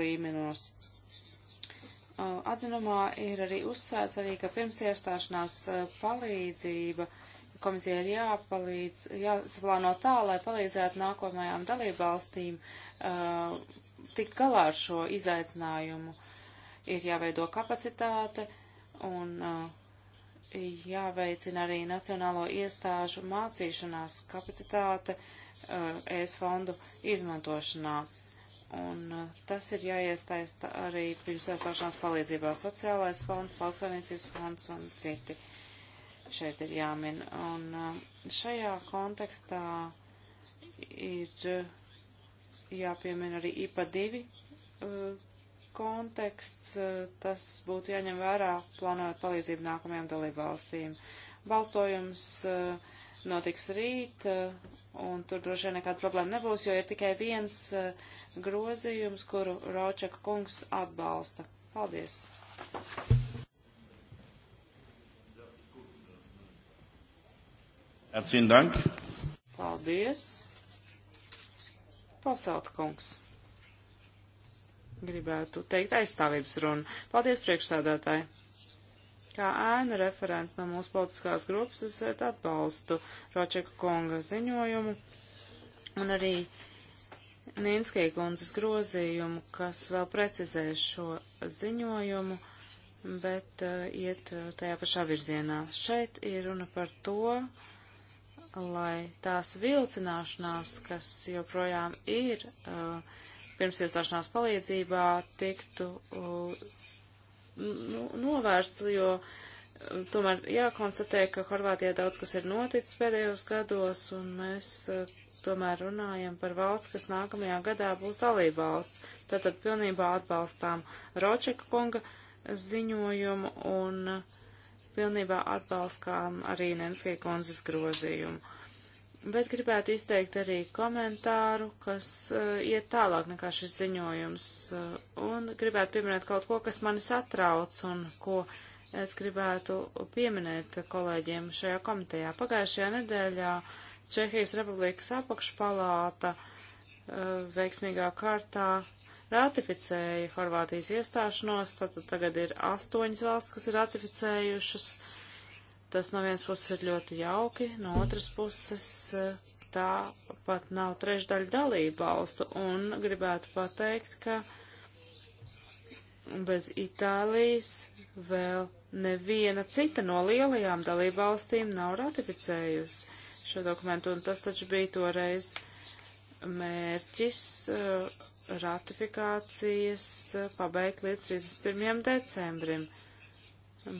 līmenos. Atzinumā ir arī uzsvērts arī, ka pirms iestāšanās palīdzība komisija ir jāpalīdz, jāsaplāno tā, lai palīdzētu nākamajām dalībvalstīm uh, tikt galā ar šo izaicinājumu. Ir jāveido kapacitāte un uh, jāveicina arī nacionālo iestāžu mācīšanās kapacitāte uh, ES fondu izmantošanā. Uh, Un uh, tas ir jāiestaista arī pirms iestāšanās palīdzībā sociālais fonds, lauksaimniecības fonds un citi šeit ir jāmin. Un uh, šajā kontekstā ir uh, jāpiemina arī IPA 2 konteksts, tas būtu jāņem vērā, plānojot palīdzību nākamajām dalībvalstīm. Balstojums notiks rīt, un tur droši vien nekāda problēma nebūs, jo ir tikai viens uh, grozījums, kuru Raučaka kungs atbalsta. Paldies! Herzlichen Dank. Paldies. Pasaut kungs. Gribētu teikt aizstāvības runu. Paldies priekšsēdētāji. Kā ēna referents no mūsu politiskās grupas es atbalstu Ročeka kunga ziņojumu un arī uh, Nīnskija kundzes grozījumu, kas vēl precizē šo ziņojumu, bet uh, iet uh, tajā pašā virzienā. Šeit ir runa par to, lai tās vilcināšanās, kas joprojām ir uh, pirms iestāšanās palīdzībā, tiktu uh, nu, novērsts, jo uh, tomēr jākonstatē, ka Horvātijā daudz kas ir noticis pēdējos gados, un mēs eh, tomēr runājam par valsti, kas nākamajā gadā būs dalība valsts. Tātad pilnībā atbalstām Ročeka kunga ziņojumu un eh, pilnībā atbalstām arī Nenskie kundzes grozījumu. Bet gribētu izteikt arī komentāru, kas uh, iet tālāk nekā šis ziņojums, uh, un gribētu pieminēt kaut ko, kas mani satrauc un ko uh, es gribētu pieminēt kolēģiem šajā komitejā. Pagājušajā nedēļā Čehijas Republikas apakšpalāta eh, veiksmīgā kārtā ratificēja Horvātijas iestāšanos, tad tagad ir astoņas valsts, kas ir ratificējušas. Tas no vienas puses ir ļoti jauki, no otras puses eh, tā pat nav trešdaļa dalība valstu, un gribētu pateikt, ka bez Itālijas vēl neviena cita no lielajām dalībvalstīm nav ratificējusi šo dokumentu, un tas taču bija toreiz mērķis eh, ratifikācijas eh, pabeigt līdz 31. decembrim.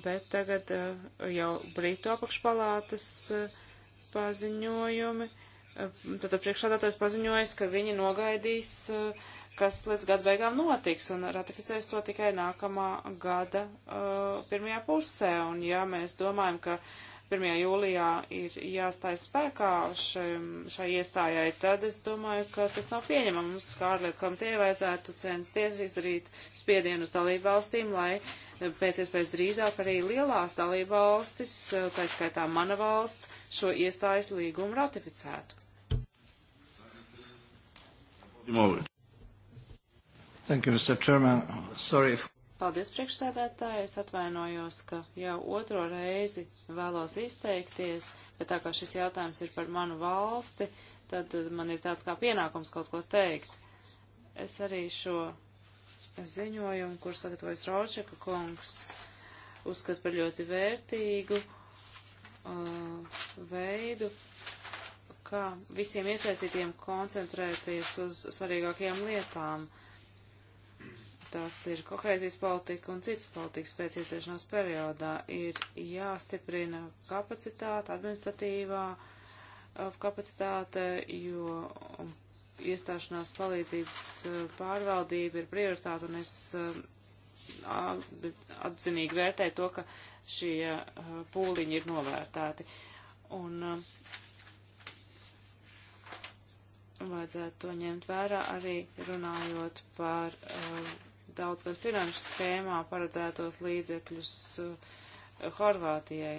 Bet tagad eh, jau Brītu apakšpalātas paziņojumi, tad priekšādātājs paziņojas, ka viņi nogaidīs uh, kas līdz gada beigām notiks, un ratificēs to tikai nākamā gada uh, pirmajā pusē. Un ja mēs domājam, ka 1. jūlijā ir jāstājas spēkā šim, šai iestājai, tad es domāju, ka tas nav pieņemams. Mums kā ārlietu komiteja vajadzētu censties izdarīt spiedienu uz dalību valstīm, lai eh, pēc iespējas drīzāk arī lielās dalību valstis, eh, tā skaitā mana valsts, šo iestājas līgumu ratificētu. Moment. Thank you, Mr. Chairman. Sorry. If... Paldies, priekšsēdētāji. Es atvainojos, ka jau otro reizi vēlos izteikties, bet tā kā šis jautājums ir par manu valsti, tad man ir tāds kā pienākums kaut ko teikt. Es arī šo ziņojumu, kur sagatavojas Raučeka kungs, uzskatu par ļoti vērtīgu uh, veidu, kā visiem iesaistītiem koncentrēties uz svarīgākajām lietām. Uh, tās ir kohēzijas politika un citas politikas pēc iesaistīšanās periodā, ir jāstiprina kapacitāte, administratīvā uh, kapacitāte, jo iestāšanās palīdzības uh, pārvaldība ir prioritāte, un es uh, atzinīgi vērtēju to, ka šie pūliņi ir novērtēti. Un vajadzētu to ņemt vērā arī runājot par daudz gan finanšu schēmā paredzētos līdzekļus eh, Horvātijai.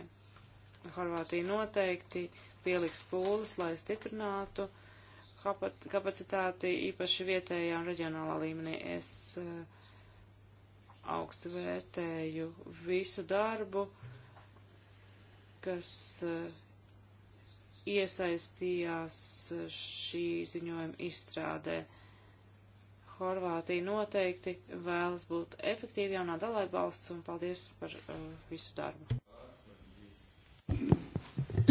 Horvātija noteikti pieliks pūles, lai stiprinātu kapacitāti īpaši vietējā un reģionālā līmenī. Es eh, augstu vērtēju visu darbu, kas eh, iesaistījās šī ziņojuma izstrādē. Horvātija noteikti vēlas būt efektīva jaunā dalība valsts, un paldies par uh, visu darbu.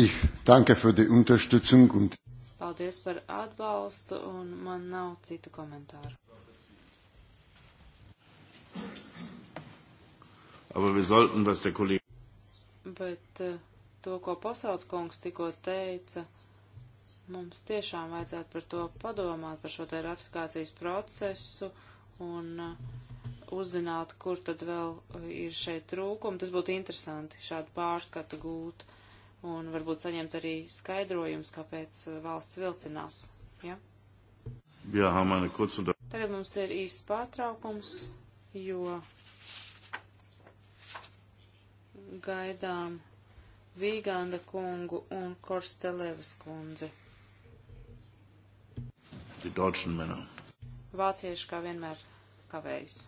Ich danke für die Unterstützung und Paldies par atbalstu, un man nav citu komentāru. Aber wir sollten, was der Kollege. Bet uh, to, ko pasautkungs tikko teica, uh, Mums tiešām vajadzētu par to padomāt, par šo te ratifikācijas procesu un uh, uzzināt, kur tad vēl uh, ir šeit trūkumi. Tas būtu interesanti šādu pārskatu gūt un varbūt saņemt arī skaidrojums, kāpēc uh, valsts vilcinās. Ja? Jā, mani kursu. Tagad mums ir īsts pārtraukums, jo gaidām Vīganda kungu un Korstelevas kundzi die deutschen Männer. Vācieši kā vienmēr kavējas.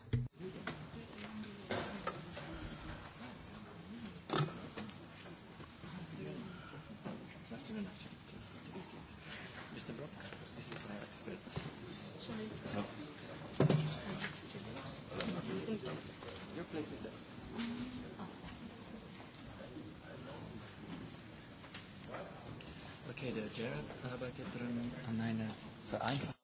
vereinfachen.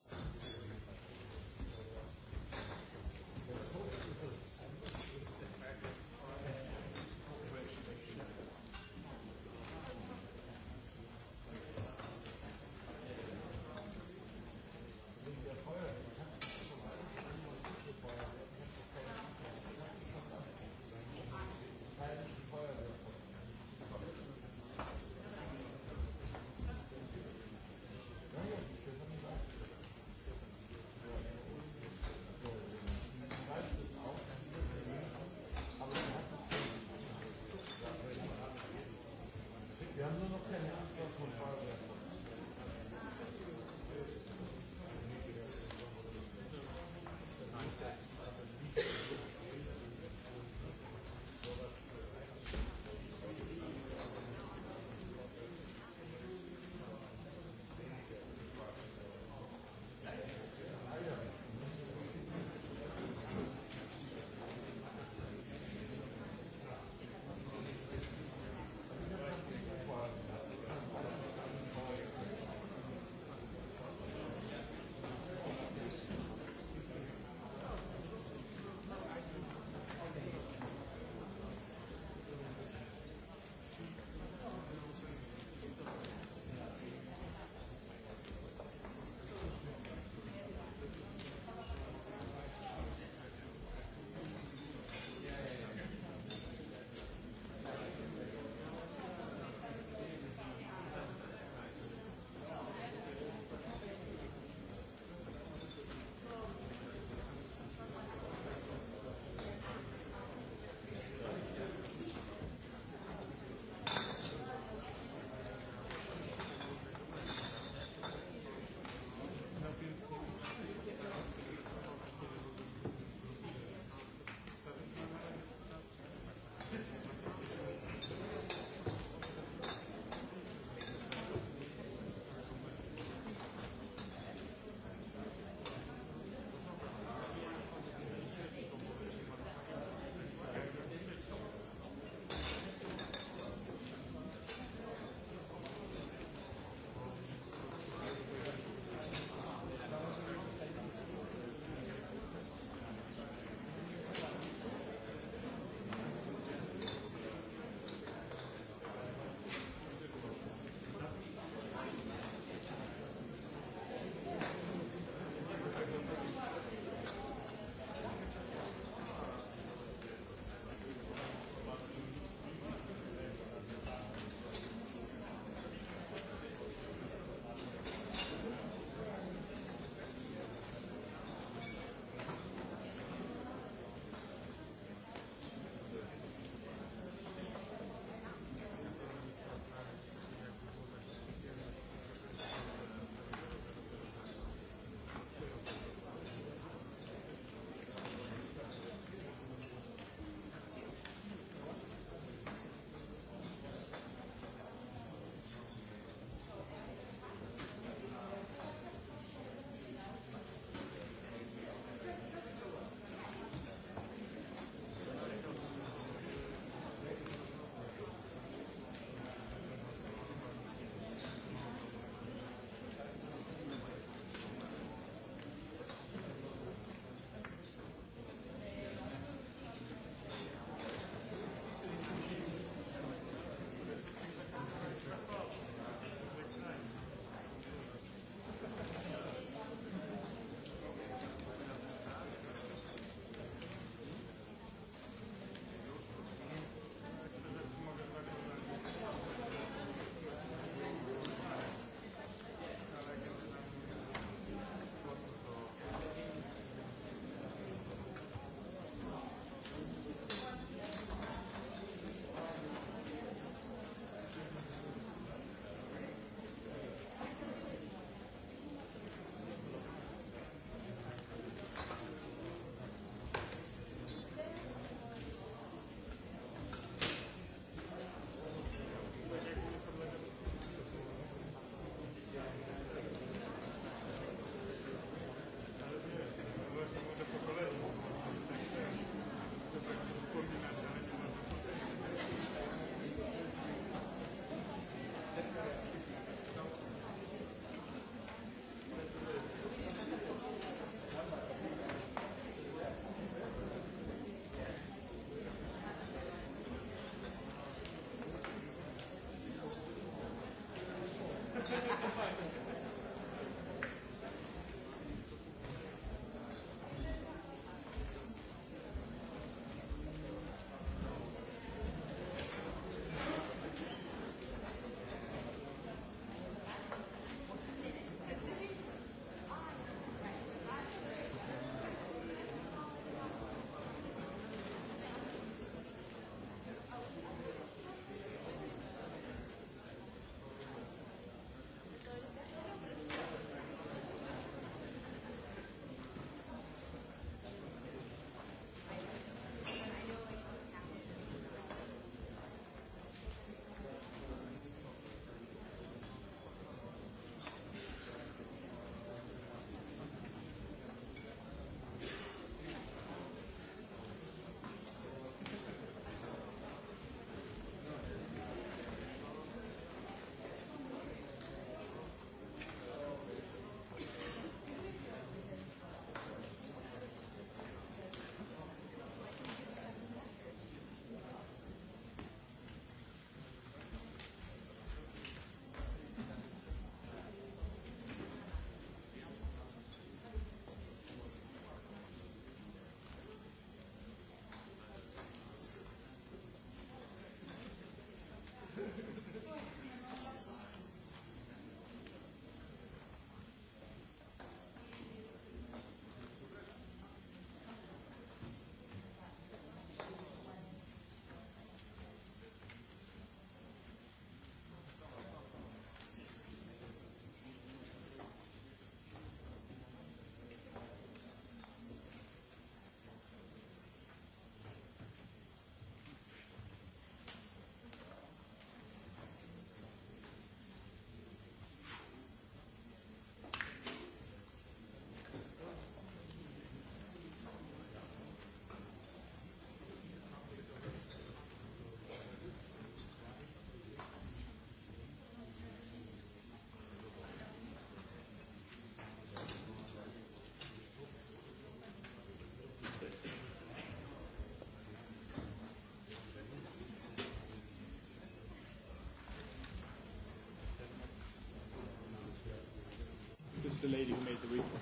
the lady who made the report.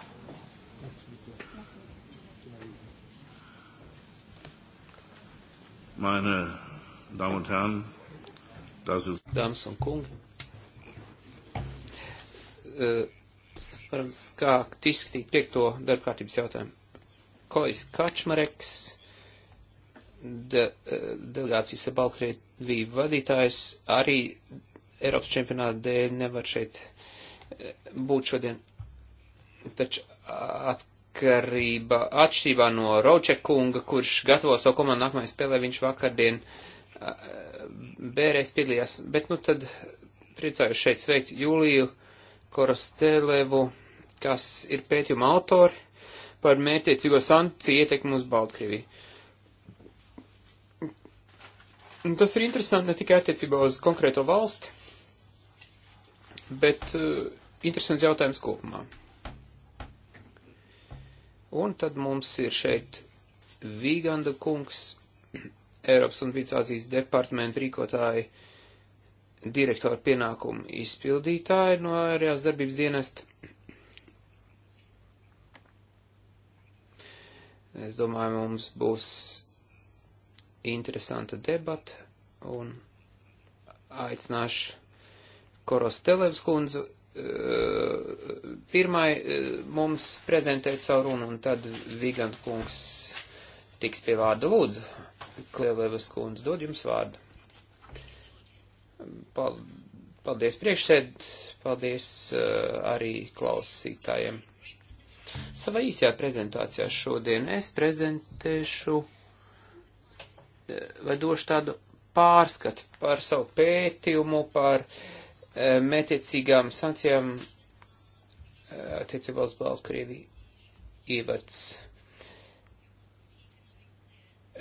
Meine Damen und Herren, das ist. Dāmas un kungi, varam skākt izskatīt piekto darbkārtības jautājumu. Kolēģis Kačmareks, de, delegācijas Baltkrieviju vadītājs, arī Eiropas čempionāta dēļ nevar šeit būt šodien. Taču atkarība, atšķirībā no Roče kunga, kurš gatavo savu komandu nākamajai spēlē, viņš vakardien bērēs piedalījās. Bet nu tad priecājos šeit sveikt Juliju Korostelevu, kas ir pētījuma autori par mērķiecīgo sankciju ietekmi uz Baltkrieviju. Tas ir interesanti ne tikai attiecībā uz konkrēto valsti, bet uh, interesants jautājums kopumā. Un tad mums ir šeit Vīganda kungs, Eiropas un Vīcāzijas departamenta rīkotāji, direktora pienākumu izpildītāji no ārējās darbības dienesta. Es domāju, mums būs interesanta debata un aicināšu Koros Televs kundzu pirmai e, mums prezentēt savu runu, un tad Vigant kungs tiks pie vārda lūdzu. Klielevas kundze dod jums vārdu. Paldies priekšsēd, paldies uh, arī klausītājiem. Savā īsajā prezentācijā šodien es prezentēšu e, vai došu tādu pārskatu par savu pētījumu, par uh, E, mētiecīgām sankcijām e, attiecībā uz Baltkrieviju ievads.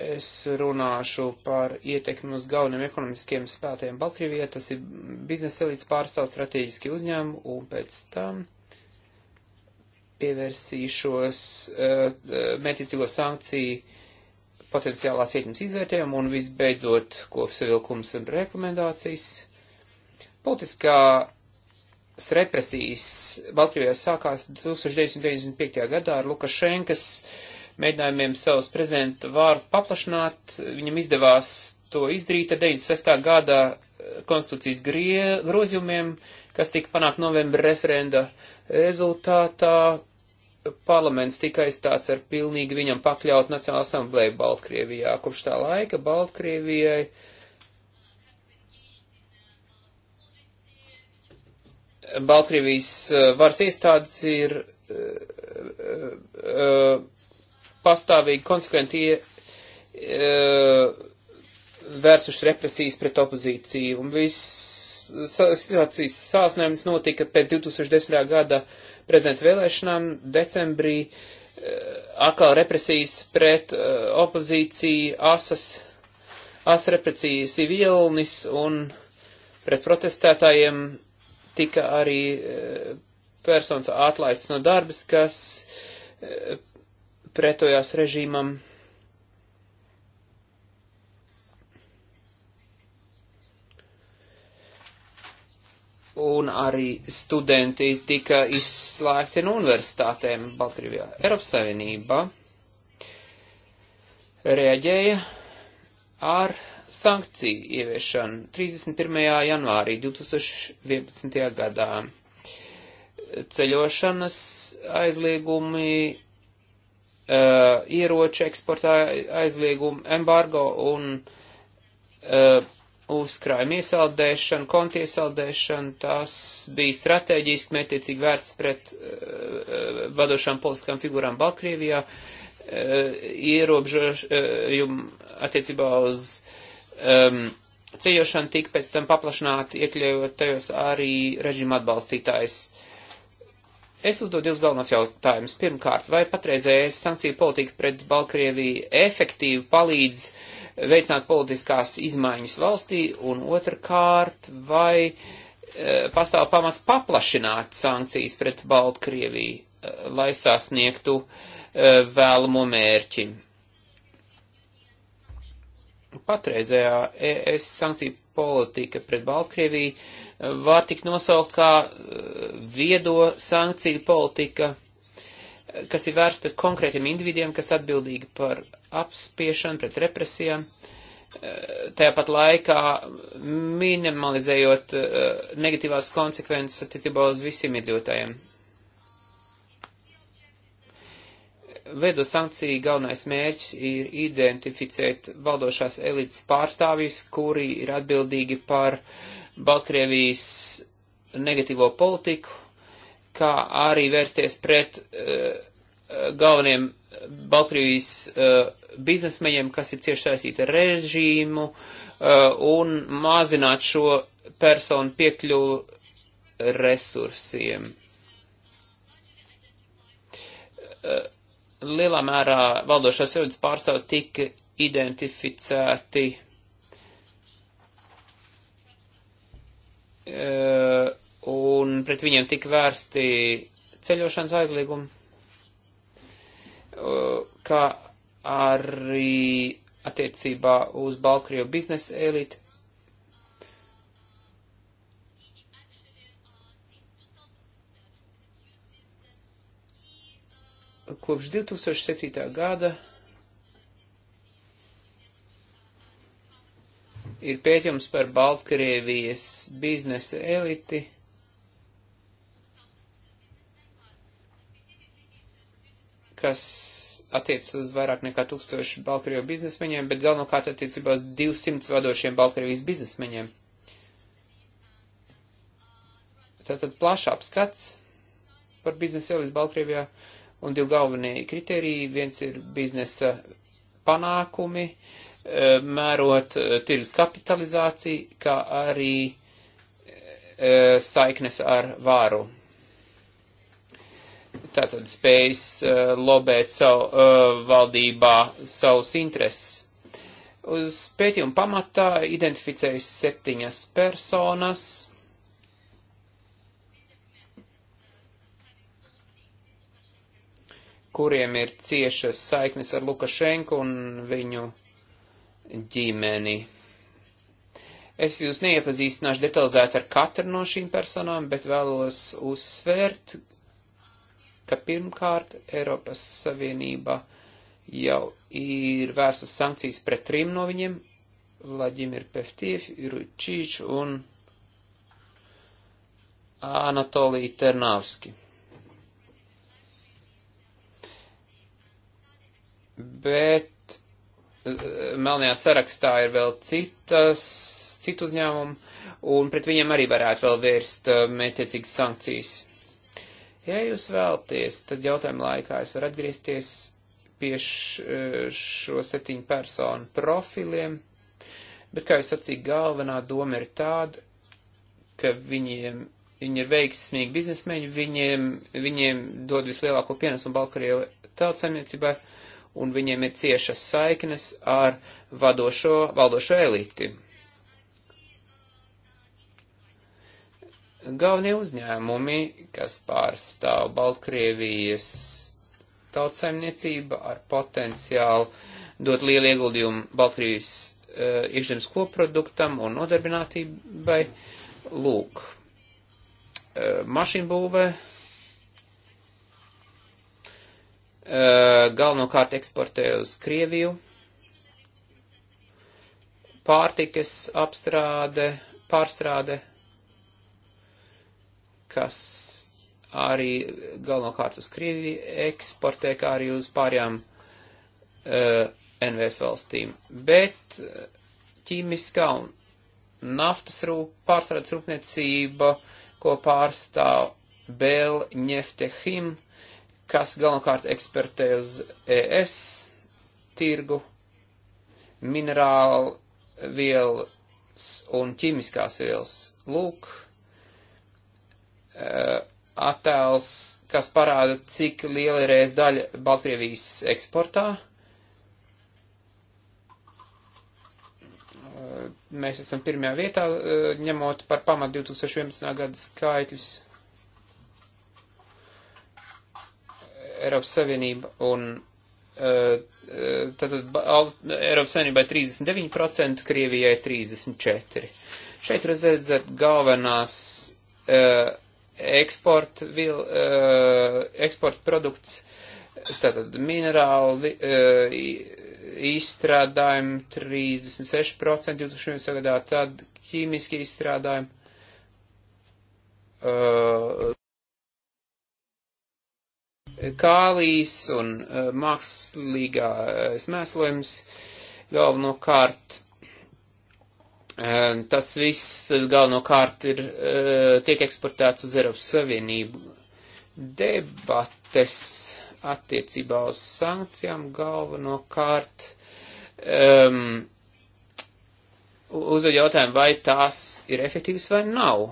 Es runāšu par ietekmi uz galveniem ekonomiskiem spēlētājiem Baltkrievijā, tas ir biznesa līdz pārstāv strateģiski uzņēmumi, un pēc tam pievērsīšos uh, mētiecīgo sankciju potenciālās ietekmes izvērtējumu, un visbeidzot kopsavilkums un rekomendācijas Politiskās represijas Baltkrievijā sākās 1995. gadā ar Lukašenkas mēģinājumiem savus prezidenta vārdu paplašināt. Viņam izdevās to izdarīt ar 96. gada eh, konstitūcijas grie, grozījumiem, kas tika panākt novembra referenda rezultātā. Parlaments tika aizstāts ar pilnīgi viņam pakļaut Nacionālajā asamblēju Baltkrievijā. Kopš tā laika Baltkrievijai uh, Baltkrievijas eh, varas iestādes ir uh, uh, pastāvīgi konsekventi uh, vērsuši represijas pret opozīciju. Un viss situācijas sāsnējums notika pēc 2010. gada prezidents vēlēšanām decembrī. Atkal represijas pret opozīciju, asas, asas represijas Vilnis un pret protestētājiem tika arī eh, personas atlaists no darbas, kas eh, pretojās režīmam. Un arī studenti tika izslēgti no universitātēm Baltkrievijā. Eiropas Savienība reaģēja ar sankciju ieviešanu 31. janvārī 2011. gadā. Ceļošanas aizliegumi, uh, ieroču eksportā aizliegumi, embargo un uh, uzkrājuma iesaldēšana, konti iesaldēšana, tās bija strateģiski mētiecīgi vērts pret uh, vadošām politiskām figurām Baltkrievijā, uh, ierobežojumu attiecībā uz um, ceļošana tika pēc tam paplašināta, iekļaujot tajos arī režīma atbalstītājs. Es uzdodu divus galvenos jautājumus. Pirmkārt, vai patreizējais sankciju politika pret Baltkrieviju efektīvi palīdz veicināt politiskās izmaiņas valstī, un otrkārt, vai e, pastāv pamats paplašināt sankcijas pret Baltkrieviju, e, lai sasniegtu e, vēlamo mērķi? Patreizējā ES sankcija politika pret Baltkrieviju eh, var tik nosaukt kā eh, viedo sankciju politika, eh, kas ir vērsts pret konkrētiem individiem, kas atbildīgi par apspiešanu, pret represijām. Tāpat laikā minimalizējot negatīvās konsekvences attiecībā uz visiem iedzīvotājiem. Vedo sankciju galvenais mērķis ir identificēt valdošās elites pārstāvjus, kuri ir atbildīgi par Baltkrievijas negatīvo politiku, kā arī vērsties pret uh, galveniem Baltkrievijas uh, biznesmeņiem, kas ir cieši saistīti ar režīmu, uh, un mazināt šo personu piekļuvu resursiem. Uh, lielā mērā valdošās sievietes pārstāv tika identificēti e, un pret viņiem tika vērsti ceļošanas aizliegumi, e, kā arī attiecībā uz Balkrievu biznesa elitu kopš 2007. gada ir pētījums par Baltkrievijas biznesa eliti. kas attiecas uz vairāk nekā tūkstošu Baltkrievu biznesmeņiem, bet galvenokārt attiecībā uz 200 vadošiem Baltkrievijas biznesmeņiem. Tātad plašāks skats par biznesa elitu Baltkrievijā. Uh, Un divi galvenie kriteriji, viens ir biznesa panākumi, e, mērot e, tirgus kapitalizāciju, kā arī e, saiknes ar vāru. Tātad spējas lobēt savu valdībā savus intereses. Uz pētījumu pamatā identificējas septiņas personas kuriem ir ciešas saiknes ar Lukašenku un viņu ģimeni. Es jūs neiepazīstināšu detalizēti ar katru no šīm personām, bet vēlos uzsvērt, ka pirmkārt Eiropas Savienība jau ir vērstas sankcijas pret trim no viņiem - Vladimir Peftīv, Ručīč un Anatolija Ternavski. bet eh, melnajā sarakstā ir vēl citas, citu uzņēmumu, un pret viņiem arī varētu vēl vērst eh, mētiecīgas sankcijas. Ja jūs vēlties, tad jautājuma laikā es varu atgriezties pie eh, šo septiņu personu profiliem, bet, kā jūs sacīju, galvenā doma ir tāda, ka viņiem, viņi ir veiksmīgi biznesmeņi, viņiem, viņiem dod vislielāko pienesumu Balkarijai tautsēmniecībai. Uh, un viņiem ir ciešas saiknes ar vadošo, valdošo elīti. Galvenie uzņēmumi, kas pārstāv Baltkrievijas tautsaimniecība ar potenciālu dot lielu ieguldījumu Baltkrievijas uh, iekšzemes koproduktam un nodarbinātībai. Lūk, uh, eh, mašīnbūvē, uh, Eh, galvenokārt eksportē uz Krieviju, pārtikas apstrāde, pārstrāde, kas arī galvenokārt uz Krieviju eksportē, kā arī uz pārējām uh, eh, NVS valstīm. Bet eh, ķīmiskā un naftas rūp, pārstrādes rūpniecība, ko pārstāv Bel Neftehim, uh, kas galvenokārt ekspertē uz ES tirgu, minerālu vielas un ķimiskās vielas. Lūk, e, attēls, kas parāda, cik liela ir ES daļa Baltkrievijas eksportā. E, mēs esam pirmajā vietā, e, ņemot par pamatu 2011. gada skaitļus. Eiropas Savienība un tātad eh, eh, Eiropas Savienībai 39%, Krievijai 34%. Šeit redzat galvenās uh, eh, eksporta, vil, uh, eksporta produkts, tātad minerāli uh, izstrādājumi 36% 2000. gadā, tad ķīmiski izstrādājumi. Uh, kālijas un eh, mākslīgais eh, mēslojums galvenokārt. Eh, tas viss galvenokārt ir, tiek eksportēts uz Eiropas Savienību. Debates attiecībā uz sankcijām galvenokārt um, ehm, uzveļ jautājumu, vai tās ir efektīvas vai nav.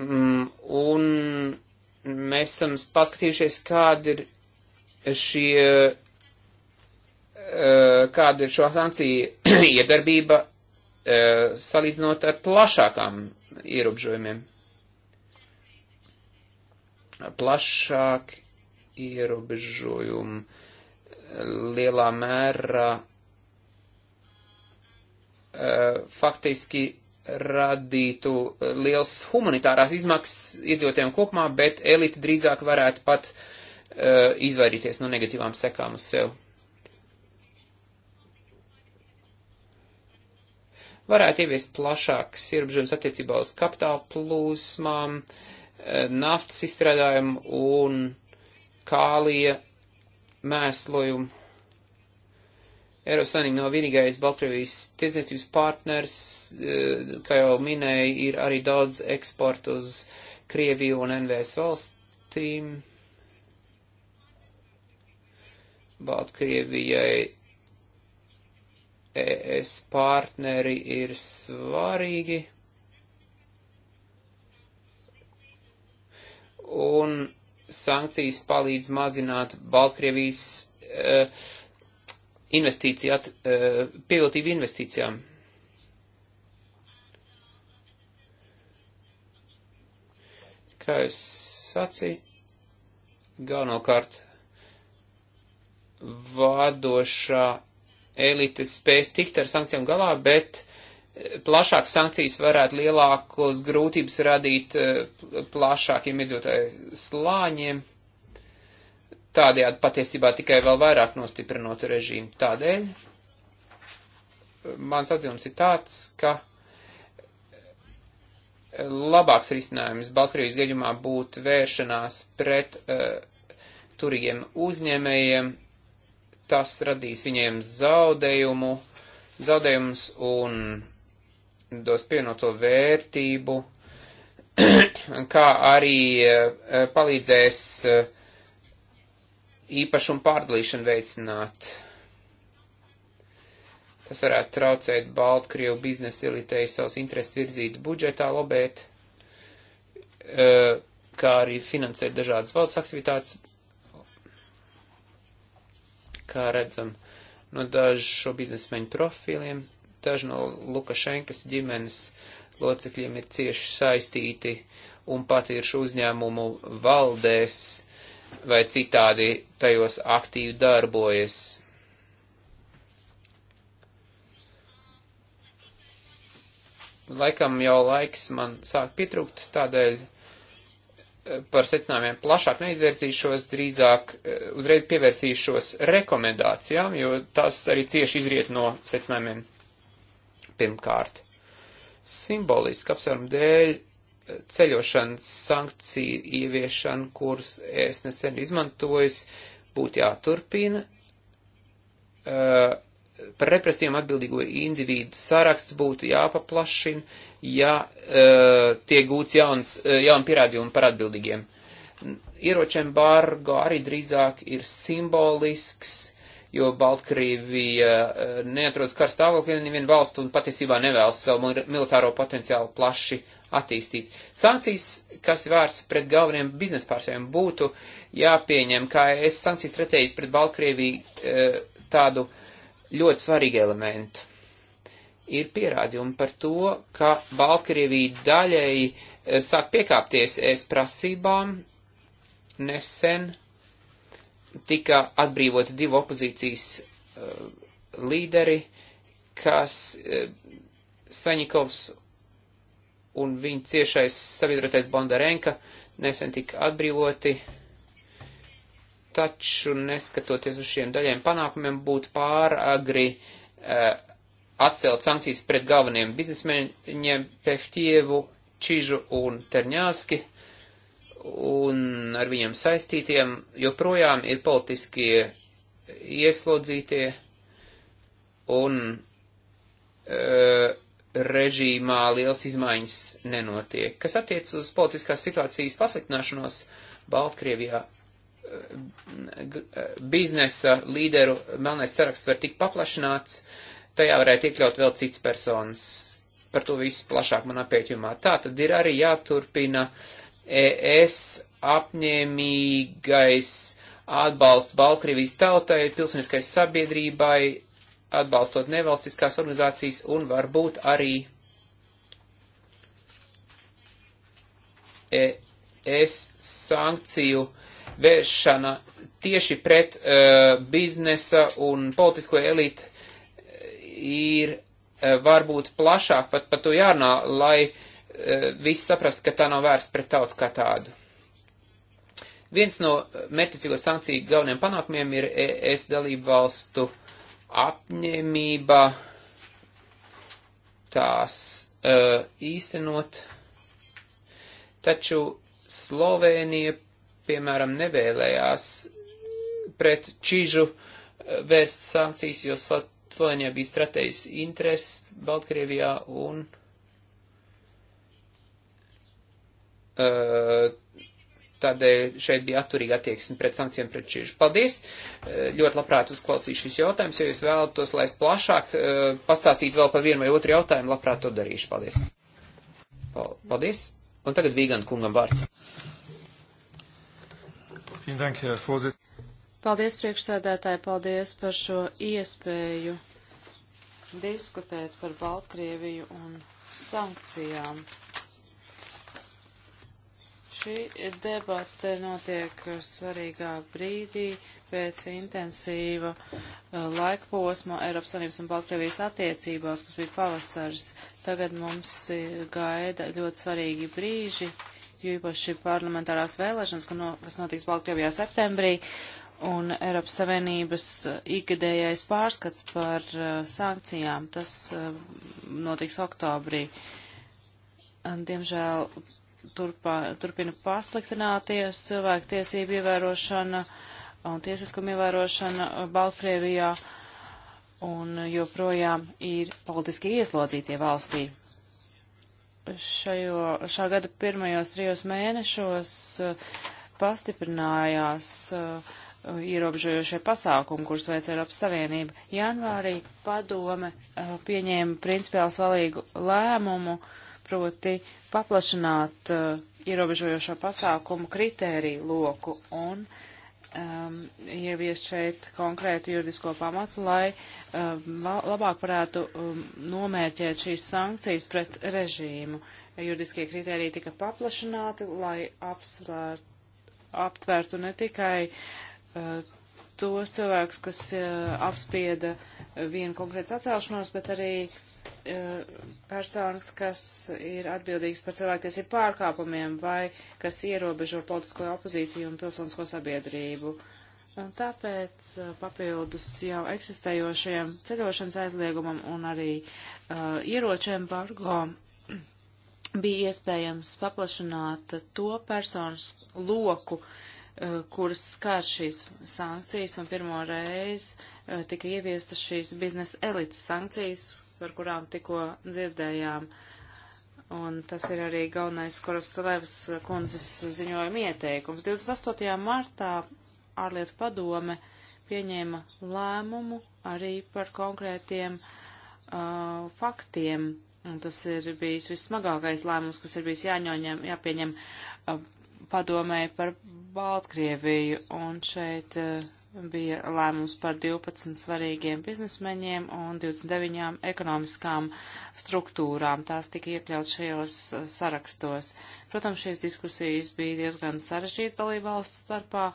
Mm, un mēs esam paskatījušies, kāda ir šie, eh, kāda ir šo sankciju iedarbība eh, salīdzinot ar plašākām ierobežojumiem. Plašāk ierobežojumu eh, lielā mērā faktiski radītu eh, liels humanitārās izmaksas iedzīvotājiem kopumā, bet elite drīzāk varētu pat uh, izvairīties no negatīvām sekām uz sev. Varētu ieviest plašāks ierobežojums attiecībā uz kapitāla plūsmām, eh, naftas izstrādājumu un kālija mēslojumu Eiropas Savienība nav vienīgais Baltkrievijas tiesniecības partners, eh, kā jau minēja, ir arī daudz eksportu uz Krieviju un NVS valstīm. Baltkrievijai ES partneri ir svarīgi. Un sankcijas palīdz mazināt Baltkrievijas uh, investīcija, e, pievilcība investīcijām. Kā es sacīju, galvenokārt vādošā elite spēs tikt ar sankcijām galā, bet e, plašākas sankcijas varētu lielākos grūtības radīt e, plašākiem iedzīvotāju slāņiem tādējādi patiesībā tikai vēl vairāk nostiprinot režīmu. Tādēļ mans atzīmes ir tāds, ka labāks risinājums Baltkrievijas gadījumā būtu vēršanās pret uh, turīgiem uzņēmējiem. Tas radīs viņiem zaudējumu, zaudējums un dos pienoto vērtību, kā arī uh, palīdzēs uh, īpašumu pārdalīšanu veicināt. Tas varētu traucēt Baltkrievu biznesa elitei savus intereses virzīt budžetā, lobēt, e, kā arī finansēt dažādas valsts aktivitātes. Kā redzam, no dažu šo biznesmeņu profiliem, daži no Lukašenkas ģimenes locekļiem ir cieši saistīti un pat ir šo uzņēmumu valdēs vai citādi tajos aktīvi darbojas. Laikam jau laiks man sāk pietrūkt, tādēļ eh, par secinājumiem plašāk neizvērsīšos, drīzāk eh, uzreiz pievērsīšos rekomendācijām, jo tās arī cieši izriet no secinājumiem. Pirmkārt, simboliski apsvērumu dēļ ceļošanas sankciju ieviešanu, kurus es nesen izmantojis, būtu jāturpina. Eh, par represijām atbildīgo individu saraksts būtu jāpaplašina, ja eh, tiek gūts jauns, eh, jauni pierādījumi par atbildīgiem. Ieroču embargo arī drīzāk ir simbolisks, jo Baltkrievija neatrodas karstāvoklī nevienu valstu un patiesībā nevēlas savu militāro potenciālu plaši attīstīt. Sankcijas, kas vērsts pret galveniem biznesa pārstāvjiem, būtu jāpieņem, kā es sankciju stratēģis pret Baltkrieviju e, tādu ļoti svarīgu elementu. Ir pierādījumi par to, ka Baltkrievija daļēji e, sāk piekāpties es prasībām nesen tika atbrīvoti divi opozīcijas uh, līderi, kas uh, Saņikovs un viņa ciešais sabiedrotais Bondarenka nesen tika atbrīvoti. Taču, neskatoties uz šiem daļiem panākumiem, būtu pāragri uh, atcelt sankcijas pret galveniem biznesmeņiem Peftievu, Čižu un Terņāski, un ar viņiem saistītiem joprojām ir politiskie ieslodzītie, un uh, režīmā liels izmaiņas nenotiek. Kas attiec uz politiskās situācijas pasliktināšanos Baltkrievijā, eh, eh, biznesa līderu melnais saraksts var tikt paplašināts, tajā varētu iekļaut vēl cits personas. Par to visu plašāk manā pētījumā. Tā tad ir arī jāturpina ES apņēmīgais atbalsts Baltkrievijas tautai, pilsoniskais sabiedrībai, atbalstot nevalstiskās organizācijas un varbūt arī e- es sankciju vēršana tieši pret uh, biznesa un politisko elitu e, ir uh, varbūt plašāk pat par to jārunā, lai uh, viss saprast, ka tā nav vērsta pret tautu kā tādu. Viens no mērķiecīgo sankciju galveniem panākumiem ir ES dalību valstu uh, apņēmība tās uh, īstenot, taču Slovēnija, piemēram, nevēlējās pret Čižu uh, vēst sankcijas, jo Slovēnijā bija strateģis intereses Baltkrievijā un uh, Tādēļ šeit bija atturīga attieksme pret sankcijiem pret šīšu. Paldies! Eh, ļoti labprāt uzklausīšu šis jautājums, ja jūs vēlatos laist plašāk, eh, pastāstīt vēl par vienu vai otru jautājumu, labprāt to darīšu. Paldies! Paldies! Un tagad Vīgan kungam vārds. Paldies, priekšsēdētāji, paldies par šo iespēju diskutēt par Baltkrieviju un sankcijām. Šī debata notiek svarīgā brīdī pēc intensīva uh, laika posma Eiropas Savienības un Baltkrievijas attiecībās, kas bija pavasars. Tagad mums gaida ļoti svarīgi brīži, jo īpaši parlamentārās vēlēšanas, kas notiks Baltkrievijā septembrī, un Eiropas Savienības uh, ikgadējais pārskats par uh, sankcijām. Tas uh, notiks oktobrī. Un, diemžēl turpā, turpina pasliktināties, cilvēku tiesību ievērošana un tiesiskuma ievērošana Baltkrievijā un joprojām ir politiski ieslodzītie valstī. Šajo, šā gada pirmajos trijos mēnešos eh, pastiprinājās uh, ierobežojošie pasākumi, kurus veic Eiropas Savienība. Janvārī padome uh, pieņēma principiāli svalīgu lēmumu uh, proti paplašināt uh, ierobežojošo pasākumu kritēriju loku un um, ievies šeit konkrētu juridisko pamatu, lai um, labāk varētu um, nomērķēt šīs sankcijas pret režīmu. Juridiskie kritēriji tika paplašināti, lai apsvērt, aptvērtu ne tikai uh, tos cilvēkus, kas uh, apspieda vienu konkrētu atcelšanos, bet arī uh, E, personas, kas ir atbildīgas par cilvēktiesību pārkāpumiem vai kas ierobežo politisko opozīciju un pilsonisko sabiedrību. Un tāpēc e, papildus jau eksistējošajam ceļošanas aizliegumam un arī uh, ieročiem bargo bija iespējams paplašināt to personas loku, uh, kuras skar šīs sankcijas, un pirmo reizi uh, tika ieviestas šīs biznesa elites sankcijas, par kurām tikko dzirdējām. Un tas ir arī galvenais Korostelevs kundzes ziņojuma ieteikums. 28. martā ārlietu padome pieņēma lēmumu arī par konkrētiem uh, faktiem. Un tas ir bijis vissmagākais lēmums, kas ir bijis jāņoņem, jāpieņem uh, padomē par Baltkrieviju. Un šeit uh, bija lēmums par 12 svarīgiem biznesmeņiem un 29 ekonomiskām struktūrām. Tās tika iekļaut šajos uh, sarakstos. Protams, šīs diskusijas bija diezgan sarežģīta dalība valsts starpā,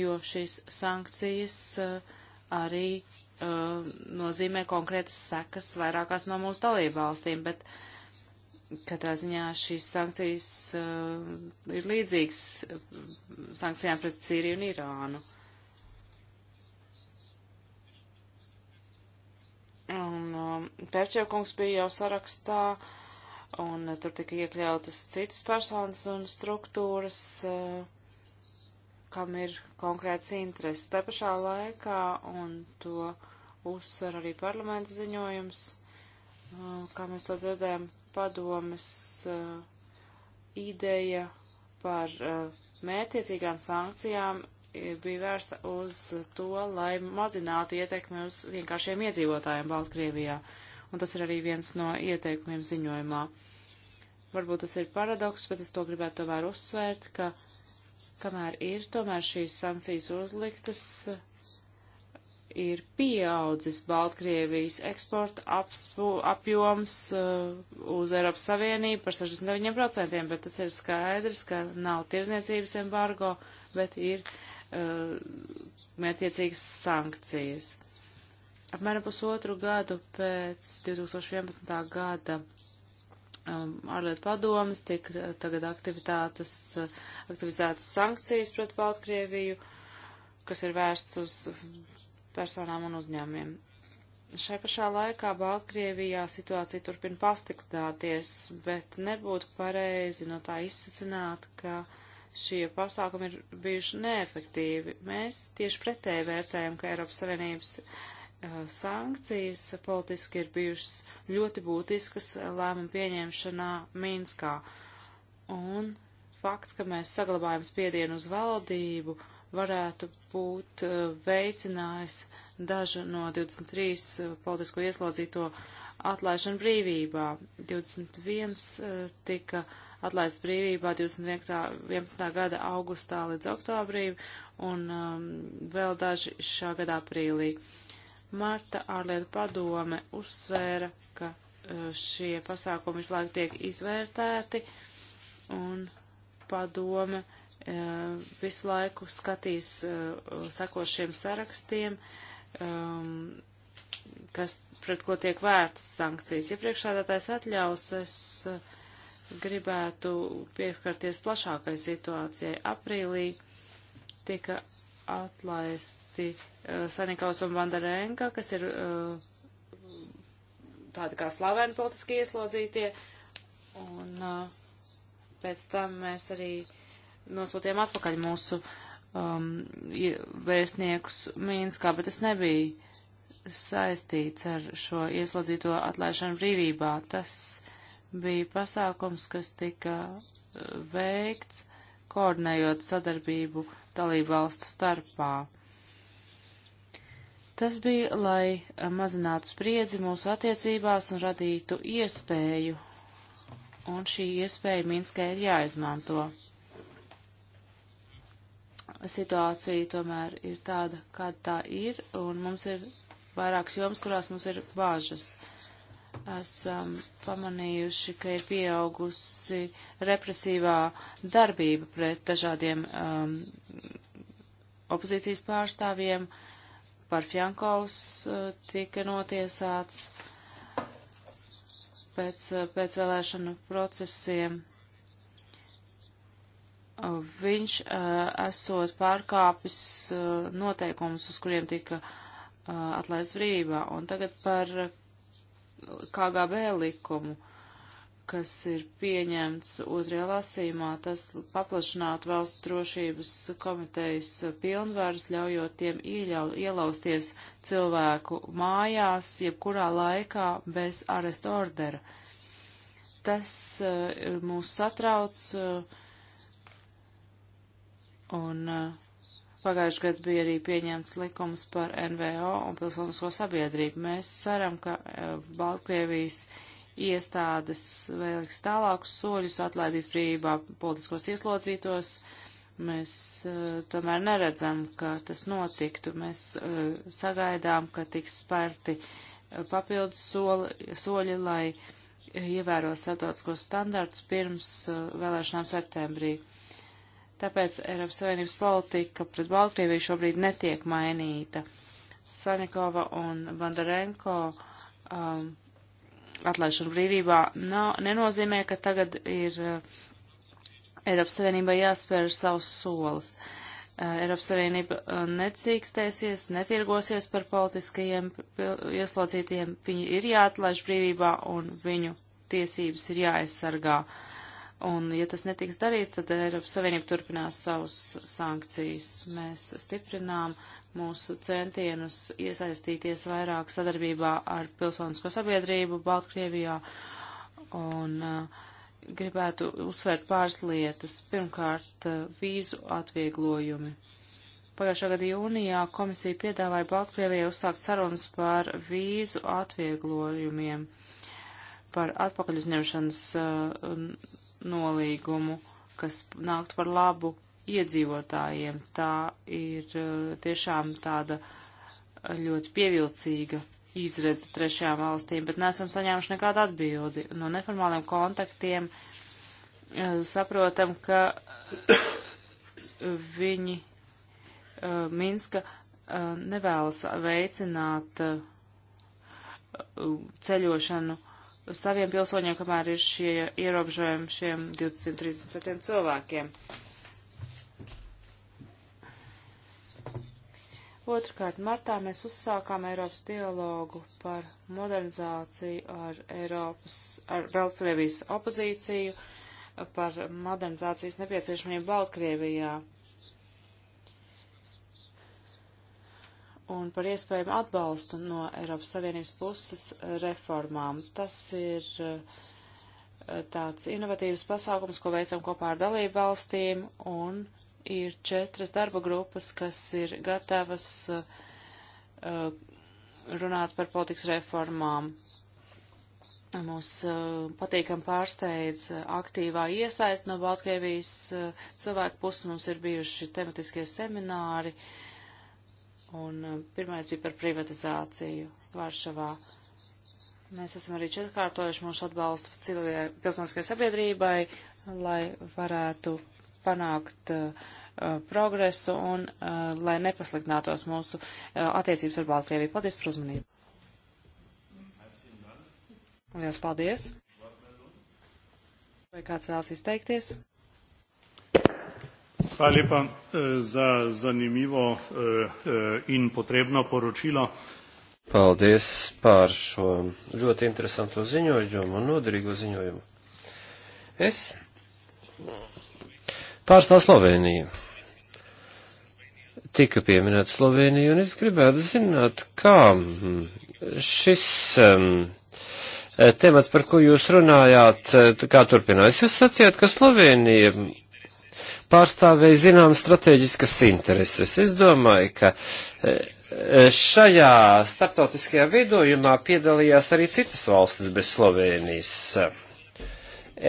jo šīs sankcijas uh, arī uh, nozīmē konkrētas sekas vairākās no mūsu dalību valstīm, bet katrā ziņā šīs sankcijas uh, ir līdzīgas uh, sankcijām pret Sīriju un Irānu. Uh, Un um, Pērķevkungs bija jau sarakstā, un uh, tur tika iekļautas citas personas un struktūras, uh, kam ir konkrēts intereses. Te pašā laikā, un to uzsver arī parlamenta ziņojums, uh, kā mēs to dzirdējam, padomes uh, ideja par uh, mērķiecīgām sankcijām bija vērsta uz to, lai mazinātu ietekmi uz vienkāršiem iedzīvotājiem Baltkrievijā. Un tas ir arī viens no ieteikumiem ziņojumā. Varbūt tas ir paradoks, bet es to gribētu tomēr uzsvērt, ka kamēr ir tomēr šīs sankcijas uzliktas, ir pieaudzis Baltkrievijas eksporta apspu, apjoms uh, uz Eiropas Savienību par 69%, bet tas ir skaidrs, ka nav tirzniecības embargo, bet ir Uh, mērķiecīgas sankcijas. Apmēram pusotru gadu pēc 2011. gada um, ārlietu padomas tika uh, tagad aktivitātes, uh, aktivizētas sankcijas pret Baltkrieviju, kas ir vērsts uz personām un uzņēmiem. Šai pašā laikā Baltkrievijā situācija turpina pastiktāties, bet nebūtu pareizi no tā izsacināt, ka uh, šie pasākumi ir bijuši neefektīvi. Mēs tieši pretēji vērtējam, ka Eiropas Savienības eh, sankcijas politiski ir bijušas ļoti būtiskas lēmumu pieņemšanā Minskā. Un fakts, ka mēs saglabājam spiedienu uz valdību, varētu būt eh, veicinājis dažu no 23 eh, politisko ieslodzīto atlaišanu brīvībā. 21 tika atlaists brīvībā 2011. gada augustā līdz oktobrim un um, vēl daži šā gada aprīlī. Marta ārlietu padome uzsvēra, ka uh, šie pasākumi visu laiku tiek izvērtēti un padome uh, visu laiku skatīs uh, sakošiem sarakstiem. Um, kas, pret ko tiek vērtas sankcijas. Ja priekšādātājs atļaus, es uh, gribētu pieskarties plašākai situācijai. Aprīlī tika atlaisti uh, eh, Sanikaus un Vandarenka, kas ir uh, tādi kā slaveni politiski ieslodzītie, un uh, pēc tam mēs arī nosūtījām atpakaļ mūsu um, vēstniekus Mīnskā, bet tas nebija saistīts ar šo ieslodzīto atlaišanu brīvībā. Tas uh, bija pasākums, kas tika uh, veikts, koordinējot sadarbību dalību valstu starpā. Tas bija, lai uh, mazinātu spriedzi mūsu attiecībās un radītu iespēju, un šī iespēja Minskai ir jāizmanto. Situācija tomēr ir tāda, kāda tā ir, un mums ir vairākas jomas, kurās mums ir bāžas. Uh, esam pamanījuši, ka ir pieaugusi represīvā darbība pret dažādiem um, opozīcijas pārstāvjiem. Par Fjankovs uh, tika notiesāts pēc, uh, pēc vēlēšanu procesiem. Uh, viņš uh, esot pārkāpis uh, noteikumus, uz kuriem tika uh, atlaists brīvībā. Un tagad par uh, KGB likumu, kas ir pieņemts otrajā lasīmā, tas paplašināt valsts drošības komitejas pilnvaras, ļaujot tiem ieļau, ielausties cilvēku mājās, jebkurā laikā bez arestu ordera. Tas uh, mūs satrauc uh, un uh, Pagājuši gadu bija arī pieņemts likums par NVO un pilsonisko sabiedrību. Mēs ceram, ka eh, Baltkrievijas iestādes veiks tālākus soļus, atlaidīs brīvībā politiskos ieslodzītos. Mēs uh, tomēr neredzam, ka tas notiktu. Mēs uh, sagaidām, ka tiks spērti uh, papildus soli, soļi, lai ievēros starptautiskos standartus pirms vēlēšanām septembrī. Uh, Tāpēc Eiropas Savienības politika pret Baltkrieviju šobrīd netiek mainīta. Saņikova un Bandarenko um, atlaišana brīvībā nav, nenozīmē, ka tagad ir uh, Eiropas Savienībai jāspēr savus solis. Uh, Eiropas Savienība uh, necīkstēsies, netirgosies par politiskajiem ieslodzītiem. Viņi ir jāatlaiž brīvībā un viņu tiesības ir jāaizsargā. Uh, Un, ja tas netiks darīts, tad Eiropas Savienība turpinās savus sankcijas. Mēs stiprinām mūsu centienus iesaistīties vairāk sadarbībā ar pilsonisko sabiedrību Baltkrievijā un uh, gribētu uzsvērt pāris lietas. Pirmkārt, uh, vīzu atvieglojumi. Pagājušā gada jūnijā komisija piedāvāja Baltkrievijai uzsākt sarunas par vīzu atvieglojumiem. Uh, par atpakaļuzņemšanas uh, nolīgumu, kas nāktu par labu iedzīvotājiem. Tā ir uh, tiešām tāda uh, ļoti pievilcīga izredze trešajām valstīm, bet nesam saņēmuši nekādu atbildi. No neformāliem kontaktiem uh, saprotam, ka uh, viņi uh, Minska nevēlas veicināt ceļošanu uh, saviem pilsoņiem, kamēr ir šie ierobežojumi šiem 237 cilvēkiem. Otrkārt, martā mēs uzsākām Eiropas dialogu par modernizāciju ar Eiropas, ar Baltkrievijas opozīciju, par modernizācijas nepieciešamību Baltkrievijā. Uh, un par iespējumu atbalstu no Eiropas Savienības puses reformām. Tas ir eh, tāds inovatīvs pasākums, ko veicam kopā ar dalību valstīm, un ir četras darba grupas, kas ir gatavas eh, runāt par politikas reformām. Mūs eh, patīkam pārsteidz aktīvā iesaist no Baltkrievijas cilvēku puses. Mums ir bijuši tematiskie semināri, uh, Un um, pirmais bija par privatizāciju Varšavā. Mēs esam arī četrkārtojuši mūsu atbalstu civilajai pilsoniskai sabiedrībai, lai varētu panākt uh, uh, progresu un uh, lai nepasliktinātos mūsu uh, attiecības ar Baltkrieviju. Paldies par uzmanību. Lielas paldies. Vai kāds vēlas izteikties? Hvala lepa eh, za zanimivo eh, eh, in potrebno poročilo. Paldies par šo ļoti interesantu ziņojumu un noderīgo ziņojumu. Es pārstāvu Sloveniju. Tika pieminēta Slovenija, un es gribētu zināt, kā mm, šis um, temats, par ko jūs runājāt, kā turpinās. Jūs sacījāt, ka Slovenija pārstāvēja zinām strateģiskas intereses. Es domāju, ka e, e, šajā starptautiskajā vidojumā piedalījās arī citas valstis bez Slovēnijas.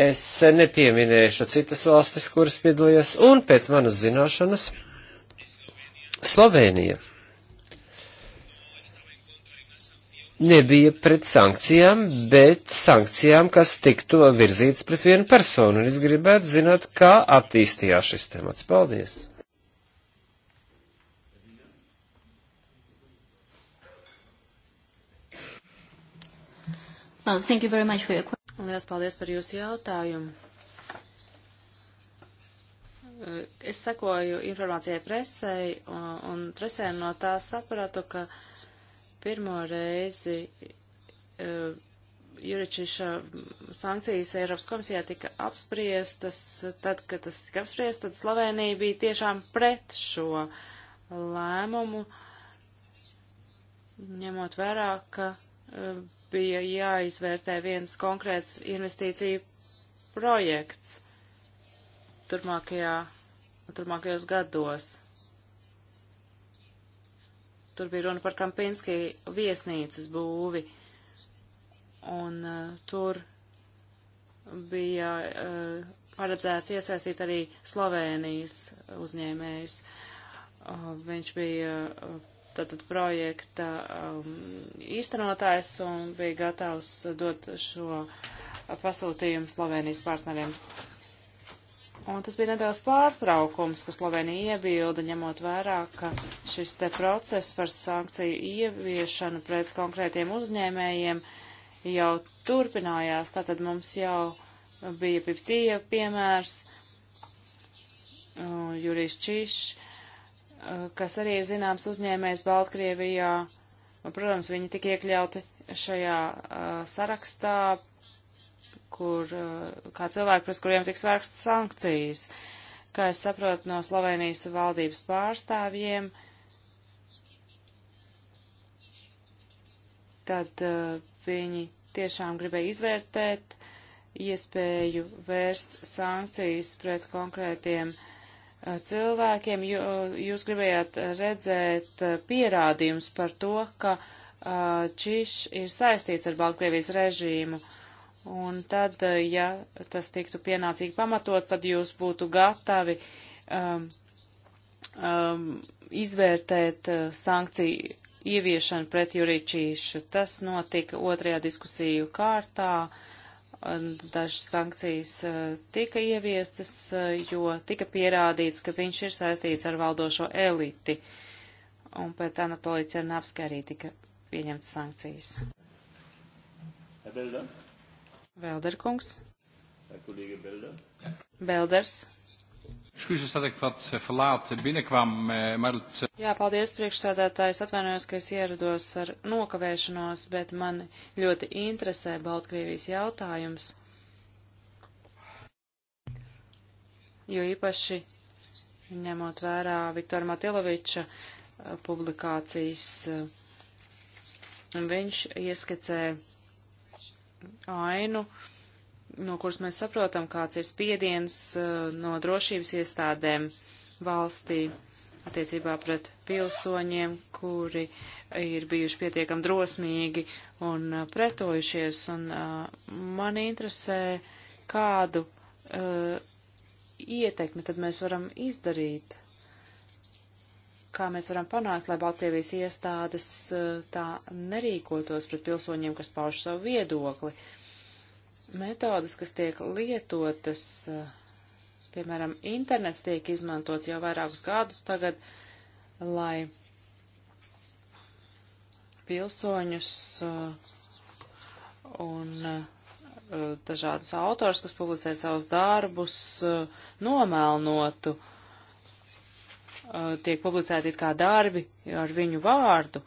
Es nepieminēšu citas valstis, kuras piedalījās, un pēc manas zināšanas Slovēnija nebija pret sankcijām, bet sankcijām, kas tiktu virzītas pret vienu personu. Un es gribētu zināt, kā attīstījās šis temats. Paldies! Well, thank you very much for your question. Lielas paldies par jūsu jautājumu. Es sekoju informācijai presēji, un, un presēm no tā sapratu, ka uh, pirmo reizi uh, e, Juričiša sankcijas Eiropas komisijā tika apspriestas, tad, kad tas tika apspriest, tad Slovenija bija tiešām pret šo lēmumu, ņemot vērā, ka uh, bija jāizvērtē viens konkrēts investīciju projekts turpmākajā, turpmākajos gados. Tur bija runa par Kampinski viesnīcas būvi. Un uh, tur bija uh, paredzēts iesaistīt arī Slovēnijas uzņēmējus. Uh, viņš bija uh, tātad projekta um, īstenotājs un bija gatavs dot šo pasūtījumu Slovēnijas partneriem. Un tas bija nedaudz pārtraukums, ka Slovenija iebilda, ņemot vērā, ka šis te process par sankciju ieviešanu pret konkrētiem uzņēmējiem jau turpinājās. Tātad mums jau bija Piptija piemērs, uh, Jurijs Čišs, uh, kas arī ir zināms uzņēmējs Baltkrievijā. Protams, viņi tika iekļauti šajā uh, sarakstā kur, eh, kā cilvēki, pret kuriem tiks vērsts sankcijas. Kā es saprotu no Slovenijas valdības pārstāvjiem, tad uh, viņi tiešām gribēja izvērtēt iespēju vērst sankcijas pret konkrētiem uh, cilvēkiem. Jū, jūs gribējāt redzēt uh, pierādījums par to, ka Čiš ir saistīts ar Baltkrievijas režīmu. Uh, Un tad, eh, ja tas tiktu pienācīgi pamatots, tad jūs būtu gatavi um, um, izvērtēt uh, sankciju ieviešanu pret Juričīšu. Tas notika otrajā diskusiju kārtā. Dažas sankcijas uh, tika ieviestas, uh, jo tika pierādīts, ka viņš ir saistīts ar valdošo eliti. Un pēc Anatolija Cernavska arī tika pieņemtas sankcijas. Ebeldam. Velderkungs. Kolēģi Belder. Belders. Excuses dat ik wat eh, verlaat binnenkwam, eh, maar het... Eh, Jā, paldies priekšsādātājs. Atvainojos, ka es ierados ar nokavēšanos, bet mani ļoti interesē Baltkrievijas jautājums. Jo īpaši ņemot vērā Viktora Matiloviča publikācijas, viņš ieskicē ainu, no kuras mēs saprotam, kāds ir spiediens eh, no drošības iestādēm valstī attiecībā pret pilsoņiem, kuri ir bijuši pietiekami drosmīgi un eh, pretojušies. Un uh, eh, man interesē, kādu uh, ietekmi tad mēs varam izdarīt kā mēs varam panākt, lai Baltkrievijas iestādes eh, tā nerīkotos pret pilsoņiem, kas pauž savu viedokli. Metodas, kas tiek lietotas, eh, piemēram, internets tiek izmantots jau vairākus gadus tagad, lai pilsoņus eh, un dažādus autors, kas publicē savus darbus, nomēlnotu. Uh, tiek publicēti kā darbi ar viņu vārdu.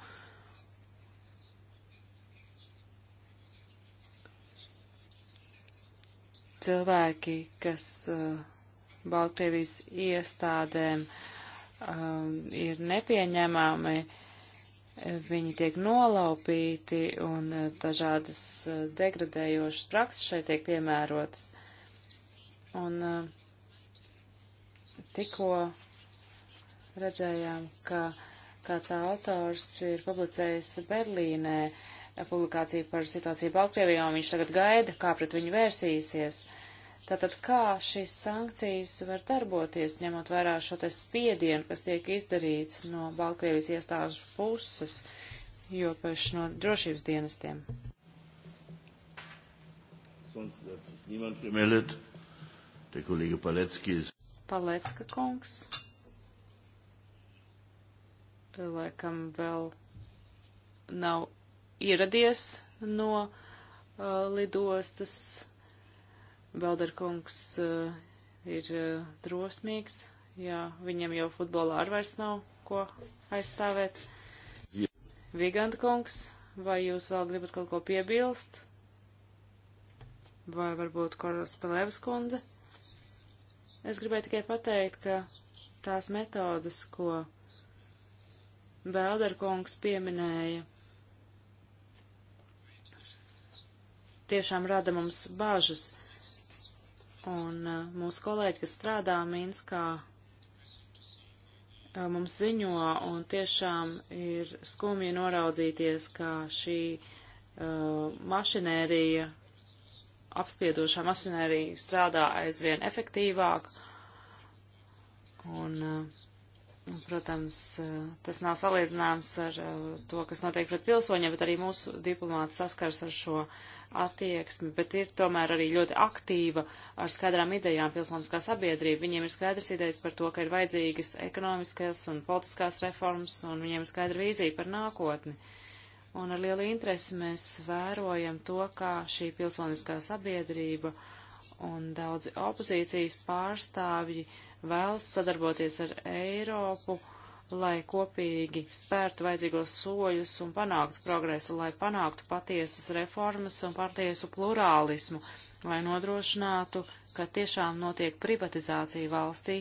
Cilvēki, kas uh, Baltkrievijas iestādēm um, ir nepieņemami, viņi tiek nolaupīti un uh, dažādas degradējošas prakses šeit tiek piemērotas. Un tikko redzējām, ka kāds autors ir publicējis Berlīnē publikāciju par situāciju Baltkrievijā, un viņš tagad gaida, kā pret viņu vērsīsies. Tātad kā šīs sankcijas var darboties, ņemot vērā šo te spiedienu, kas tiek izdarīts no Baltkrievijas iestāžu puses, jo paši no drošības dienestiem? Palecka kungs laikam vēl nav ieradies no uh, lidostas. Belderkungs uh, ir uh, drosmīgs, jā, viņam jau futbolā ar vairs nav ko aizstāvēt. Viganta kungs, vai jūs vēl gribat kaut ko piebilst? Vai varbūt Korals Pelevas kundze? Es gribēju tikai pateikt, ka tās metodas, ko Bēlderkungs pieminēja, tiešām rada mums bažas. Un uh, mūsu kolēģi, kas strādā Minskā, uh, mums ziņo, un tiešām ir skumji noraudzīties, ka šī uh, mašinērija, apspiedošā mašinērija strādā aizvien efektīvāk. Un uh, Protams, eh, tas nav salīdzināms ar eh, to, kas notiek pret pilsoņiem, bet arī mūsu diplomāti saskars ar šo attieksmi, bet ir tomēr arī ļoti aktīva ar skaidrām idejām pilsoniskā sabiedrība. Viņiem ir skaidrs idejas par to, ka ir vajadzīgas ekonomiskas un politiskās reformas, un viņiem ir skaidra vīzija par nākotni. Un ar lielu interesi mēs vērojam to, kā šī pilsoniskā sabiedrība un daudzi opozīcijas pārstāvji uh, vēlas sadarboties ar Eiropu, lai kopīgi spērtu vajadzīgos soļus un panāktu progresu, lai panāktu patiesas reformas un patiesu plurālismu, lai nodrošinātu, ka tiešām notiek privatizācija valstī,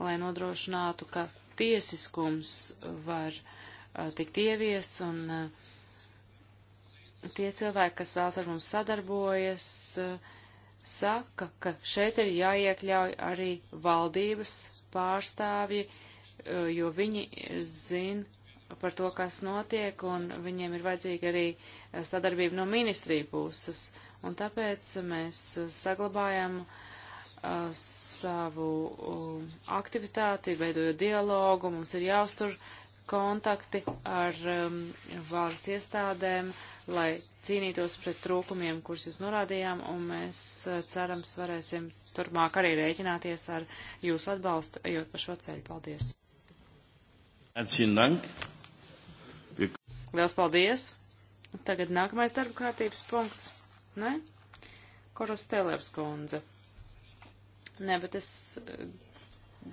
lai nodrošinātu, ka tiesiskums var uh, tikt ieviests un uh, tie cilvēki, kas vēlas ar mums sadarbojas, uh, saka, ka šeit ir jāiekļauj arī valdības pārstāvji, e, jo viņi zina par to, kas notiek, un viņiem ir vajadzīga arī e, sadarbība no ministriju puses. Un tāpēc mēs saglabājam uh, savu uh, aktivitāti, veidojot dialogu, mums ir jāuztur kontakti ar um, valsts iestādēm, uh, lai cīnītos pret trūkumiem, kurus jūs norādījām, un mēs eh, cerams varēsim turpmāk arī rēķināties ar jūsu atbalstu, ejot pa šo ceļu. Paldies! Liels paldies! Tagad nākamais darba kārtības punkts, ne? Koros Televs kundze. Nē, bet es eh,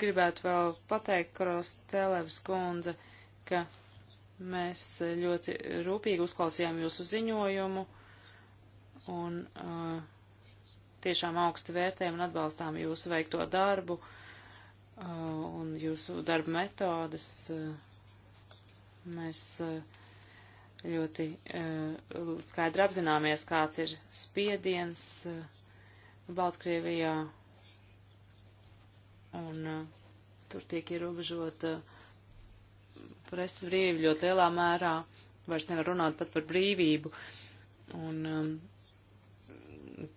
gribētu vēl pateikt, Koros Televs kundze, ka Mēs eh, ļoti rūpīgi uzklausījām jūsu ziņojumu un uh, tiešām augstu vērtējam un atbalstām jūsu veikto darbu uh, un jūsu darba metodas. Uh, mēs uh, ļoti uh, skaidri apzināmies, kāds ir spiediens uh, Baltkrievijā un uh, tur tiek ierobežota uh, preses brīvi ļoti lielā mērā vairs nevar runāt pat par brīvību. Un, um,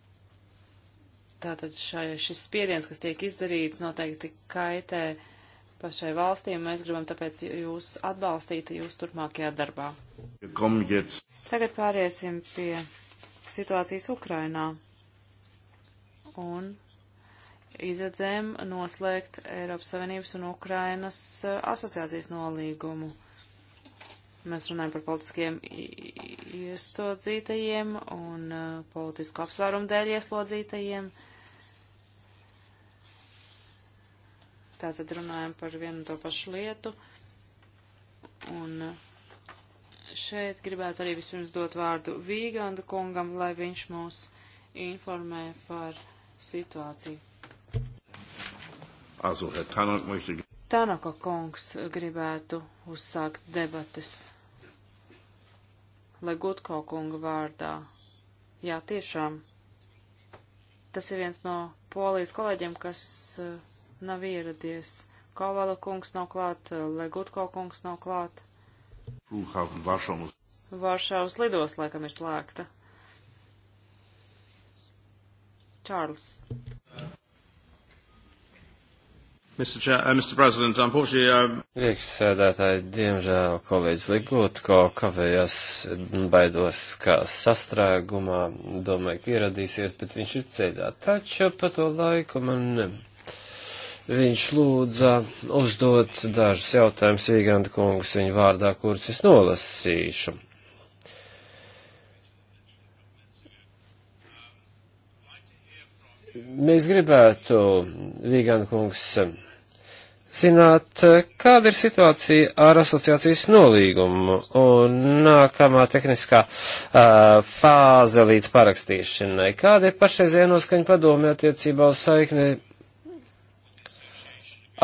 tātad šai, šis spiediens, kas tiek izdarīts, noteikti kaitē pašai valstī, un mēs gribam tāpēc jūs atbalstīt jūs turpmākajā darbā. Tagad pāriesim pie situācijas Ukrainā. Un izredzēm noslēgt Eiropas Savienības un Ukrainas eh, asociācijas nolīgumu. Mēs runājam par politiskiem ieslodzītajiem un eh, politisku apsvērumu dēļ ieslodzītajiem. Tātad runājam par vienu to pašu lietu. Un eh, šeit gribētu arī vispirms dot vārdu Vīganda kungam, lai viņš mūs informē par situāciju. Also, Herr Tanak möchte. Tanaka kungs gribētu uzsākt debates. Lai Gutko kunga vārdā. Jā, tiešām. Tas ir viens no polijas kolēģiem, kas eh, nav ieradies. Kavala kungs nav klāt, eh, Legutko kungs nav klāt. Flughafen Varšavas. Varšavas lidos laikam ir slēgta. Čārls. Mr. Chair, uh, Mr. President, unfortunately, um... Priekšsēdētāji, diemžēl kolēģis Ligūtko kavējas, baidos, kā sastrēgumā, domāju, ka ieradīsies, bet viņš ir ceļā. Taču pa to laiku man viņš lūdza uzdot dažus jautājumus Vīganda kungs viņa vārdā, kurus es nolasīšu. Mēs gribētu, Vīganda kungs, secināt, kāda ir situācija ar asociācijas nolīgumu un nākamā tehniskā uh, fāze līdz parakstīšanai. Kāda ir pašreizējā noskaņa padomē attiecībā uz saikni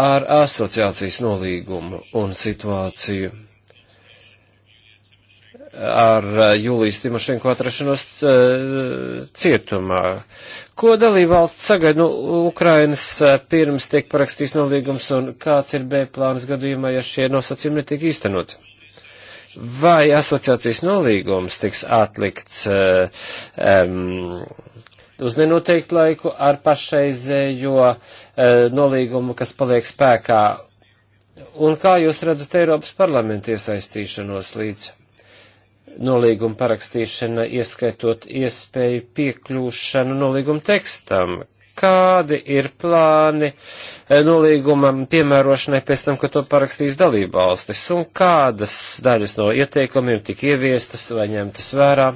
ar asociācijas nolīgumu un situāciju? ar Jūlijas Timošenko atrašanos cietumā. Ko dalībvalsts sagaida no nu, Ukrainas eh, pirms tiek parakstīts nolīgums un kāds ir B plāns gadījumā, ja šie nosacījumi netiek īstenot? Vai asociācijas nolīgums tiks atlikts um, uz nenoteiktu laiku ar pašreizējo uh, nolīgumu, kas paliek spēkā? Un kā jūs redzat Eiropas parlamentu iesaistīšanos līdz? nolīguma parakstīšana, ieskaitot iespēju piekļūšanu nolīguma tekstam. Kādi ir plāni eh, nolīgumam piemērošanai pēc tam, ka to parakstīs dalībvalstis, un kādas daļas no ieteikumiem tika ieviestas vai ņemtas vērā?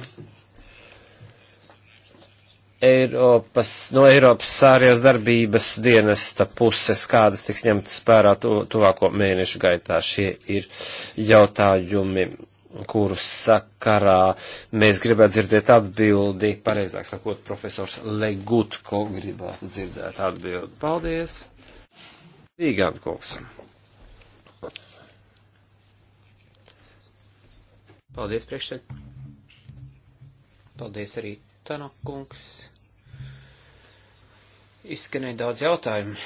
Eiropas, no Eiropas sārijas darbības dienesta puses, kādas tiks ņemtas pērā tuvāko mēnešu gaitā. Šie ir jautājumi kuru sakarā mēs gribētu dzirdēt atbildi, pareizāk sakot, profesors Legutko gribētu dzirdēt atbildi. Paldies! Vīgāna kungs. Paldies, priekšsēd. Paldies arī Tanakungs. Izskanēja daudz jautājumu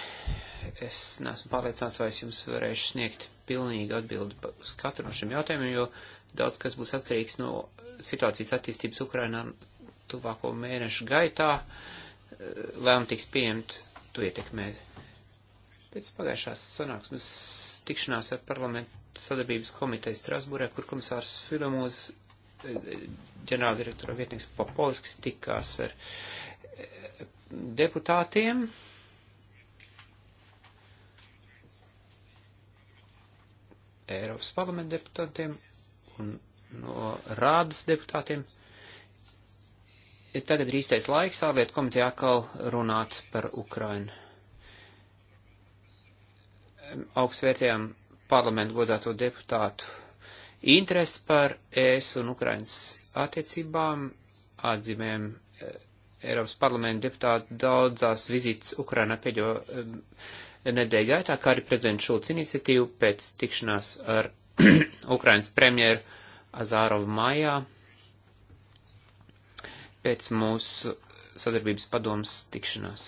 es neesmu pārliecināts, vai es jums varēšu sniegt pilnīgu atbildi uz katru no šiem jautājumiem, jo daudz kas būs atkarīgs no situācijas attīstības Ukrainā tuvāko mēnešu gaitā, eh, lēmumu tiks pieņemt, tu ietekmē. Pēc pagājušās sanāksmes tikšanās ar parlamentu sadarbības komiteju Strasbūrē, kur komisārs Filamūz, eh, ģenerāldirektora vietnieks Popolskis tikās ar eh, deputātiem, Eiropas parlamenta deputātiem un no rādas deputātiem. Tagad ir īstais laiks ārlietu komitejā atkal runāt par Ukrainu. Augstvērtējām parlamentu godāto deputātu interesi par ES un Ukrainas attiecībām, atzīmēm eh, Eiropas parlamenta deputāti daudzās vizītes Ukrainā pēdējo eh, nedēļa gaitā, kā arī prezidents Šulc iniciatīvu pēc tikšanās ar Ukrainas premjeru Azārovu mājā, pēc mūsu sadarbības padomas tikšanās,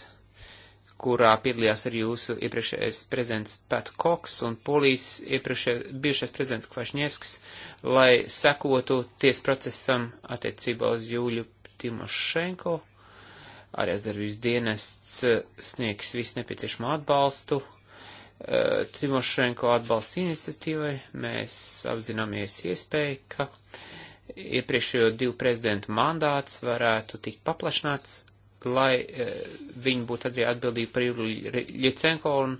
kurā piedalījās arī jūsu iepriekšējais prezidents Pat Koks un polijas bijušais prezidents Kvašņevskis, lai sekotu ties procesam attiecībā uz Jūļu Timošenko Ārējās darbības dienests eh, sniegs visu nepieciešamo atbalstu eh, Timošenko atbalsta iniciatīvai. Mēs apzināmies iespēju, ka iepriekšējo divu prezidentu mandāts varētu tikt paplašināts, lai eh, viņi būtu arī atbildīgi par Ilju Ļecenko un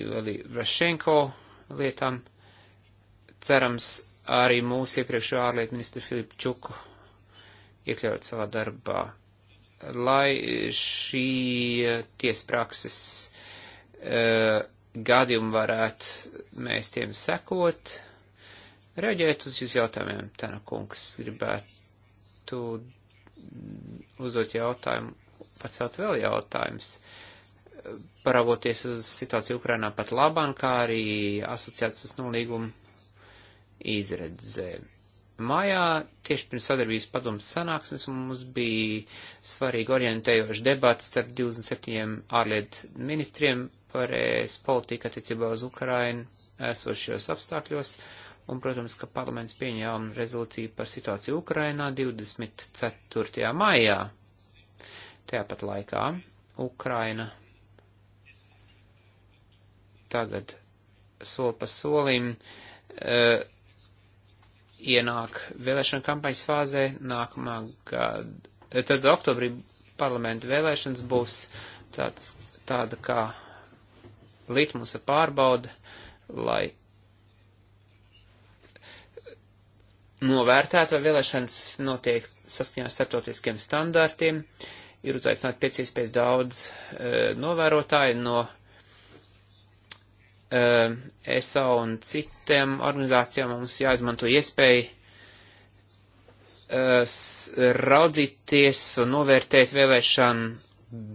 Ilju Vrašenko lietām. Cerams, arī mūsu iepriekšējo ārlietu ministru Filipu Čuku iekļaut savā darbā lai šī tiesprakses uh, gadījumi varētu mēs tiem sekot. Reaģēt uz jūsu jautājumiem, Tana kungs, gribētu uzdot jautājumu, pacelt vēl jautājumus. Paravoties uz situāciju Ukrainā pat labāk, kā arī asociācijas nolīguma izredzēm Mājā tieši pirms sadarbības padomas sanāksmes mums bija svarīgi orientējoši debats starp 27 ārlietu ministriem par ES politiku attiecībā uz Ukrainu esošajos apstākļos. Un, protams, ka parlaments pieņēma rezolūciju par situāciju Ukrainā 24. maijā. Tajāpat laikā Ukraina tagad soli pa solim. Uh, ienāk vēlēšana kampaņas fāzē nākamā gada. Tad oktobrī parlamenta vēlēšanas būs tāds, tāda kā litmusa pārbauda, lai novērtētu, vai vēlēšanas notiek saskaņā starptautiskiem standārtiem. Ir uzaicināti pēc iespējas daudz e, novērotāju no Eh, ESA un citiem organizācijām mums jāizmanto iespēja eh, raudzīties un novērtēt vēlēšanu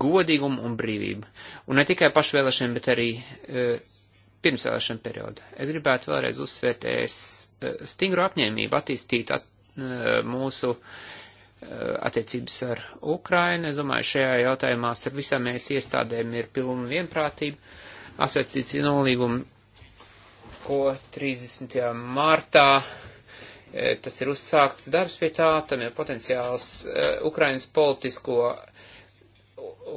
godīgumu un brīvību. Un ne tikai pašu vēlēšanu, bet arī eh, pirmsvēlēšanu periodu. Es gribētu vēlreiz uzsvērt es stingru apņēmību attīstīt at, mūsu attiecības ar Ukrainu. Es domāju, šajā jautājumā starp visām mēs iestādēm ir pilna vienprātība asociācijas nolīgumu, ko 30. martā e, tas ir uzsākts darbs pie tā, tam ir potenciāls e, Ukrainas politisko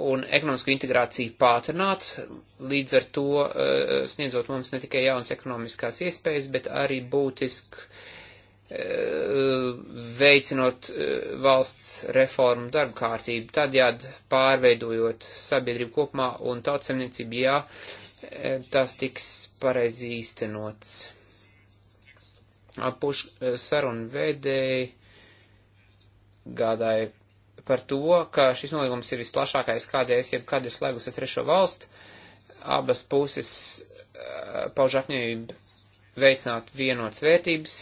un ekonomisko integrāciju pātrināt, līdz ar to e, sniedzot mums ne tikai jaunas ekonomiskās iespējas, bet arī būtiski veicinot valsts reformu darba kārtību, tad jādara pārveidojot sabiedrību kopumā un tautsemniecību, jā, ja tas tiks pareizi īstenots. Apuš eh, sarunu vēdēji gādāja par to, ka šis nolīgums ir visplašākais, kādēļ es jebkad ir slēgusi trešo valstu. Abas puses eh, pauž apņēmību veicināt vienotas vērtības,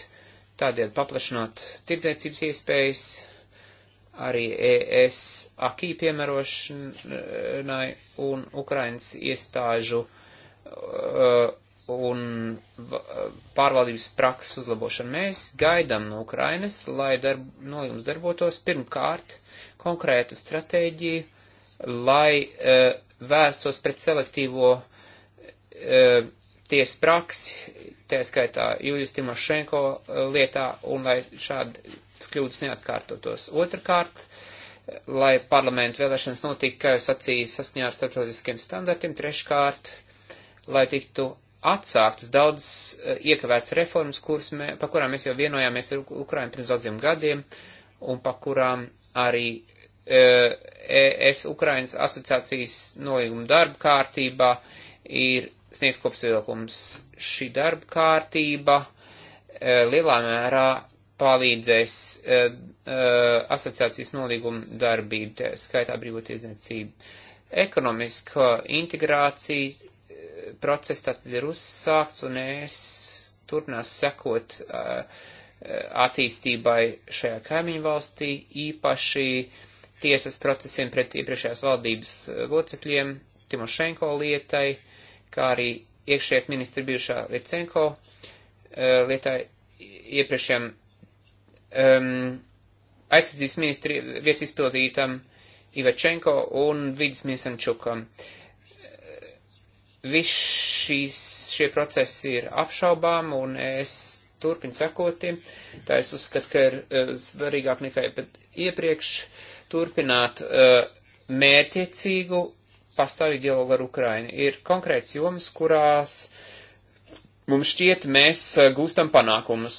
tādēļ paplašināt tirdzniecības iespējas, arī ES akī piemērošanai un Ukrainas iestāžu Uh, un pārvaldības prakses uzlabošanu. Mēs gaidām no Ukrainas, lai darb, no jums darbotos pirmkārt konkrēta stratēģija, lai uh, vērstos pret selektīvo uh, tiesu praksi, tā skaitā Jūlijas Timošenko uh, lietā, un lai šādas kļūdas neatkārtotos. Otrakārt, lai parlamentu vēlēšanas notika, kā jau sacīja, saskaņā ar starptautiskiem standartiem. Treškārt, uh, lai tiktu atsāktas daudzas eh, iekavētas reformas, kuras, mē, pa kurām mēs jau vienojāmies ar Ukrainu pirms daudziem gadiem, un pa kurām arī eh, e, es Ukrainas asociācijas nolīguma darba kārtībā ir sniegts kopsavilkums. Šī darba kārtība e, lielā mērā palīdzēs e, e, asociācijas nolīguma darbību, skaitā brīvotiedzniecību. Ekonomiska integrācija process tātad ir uzsākts un es turpinās sekot uh, attīstībai šajā kaimiņu valstī, īpaši tiesas procesiem pret iepriekšējās valdības uh, locekļiem, Timošenko lietai, kā arī iekšējāt ministra bijušā Licenko uh, lietai iepriekšējām um, aizsardzības ministri vietas izpildītam Ivačenko un vidas ministram Čukam. Uh, Viss šīs, šie procesi ir apšaubām, un es turpinu sekot tiem. Tā es uzskatu, ka ir eh, svarīgāk nekā iepriekš turpināt eh, mērķiecīgu pastāvīgu dialogu ar Ukraini. Ir konkrēts jomas, kurās mums šķiet mēs eh, gūstam panākumus.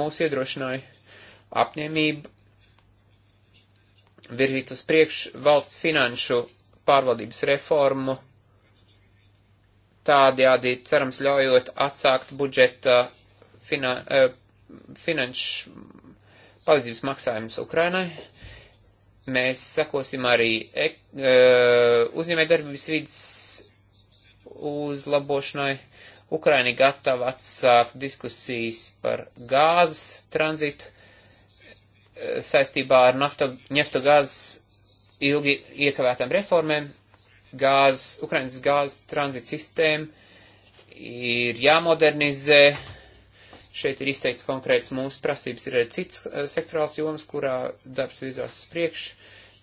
Mūs iedrošināja apņēmība virzīt uz priekšu valsts finanšu pārvaldības reformu, tādējādi cerams ļaujot atsākt budžeta finan, e, finanšu palīdzības maksājumus Ukrainai. Mēs sekosim arī e, e, uzņēmē darbības vidas uzlabošanai. Ukraina ir gatava atsākt diskusijas par gāzes tranzitu e, saistībā ar naftogāzes ilgi iekavētām reformēm, gāzes, Ukrainas gāzes tranzīta sistēma ir jāmodernizē. Šeit ir izteikts konkrēts mūsu prasības, ir arī cits uh, sektorāls joms, kurā darbs virzās uz priekšu,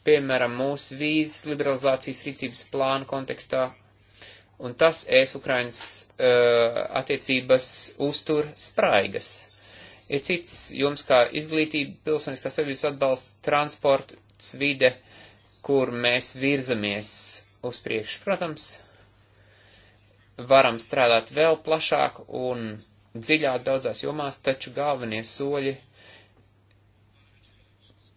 piemēram, mūsu vīzes liberalizācijas rīcības plānu kontekstā, un tas es Ukrainas uh, attiecības uztur spraigas. Ir cits joms kā izglītība, pilsoniskā sabiedrības atbalsts, transports, vide, uh, kur mēs virzamies uz priekšu. Protams, varam strādāt vēl plašāk un dziļāk daudzās jomās, taču galvenie soļi,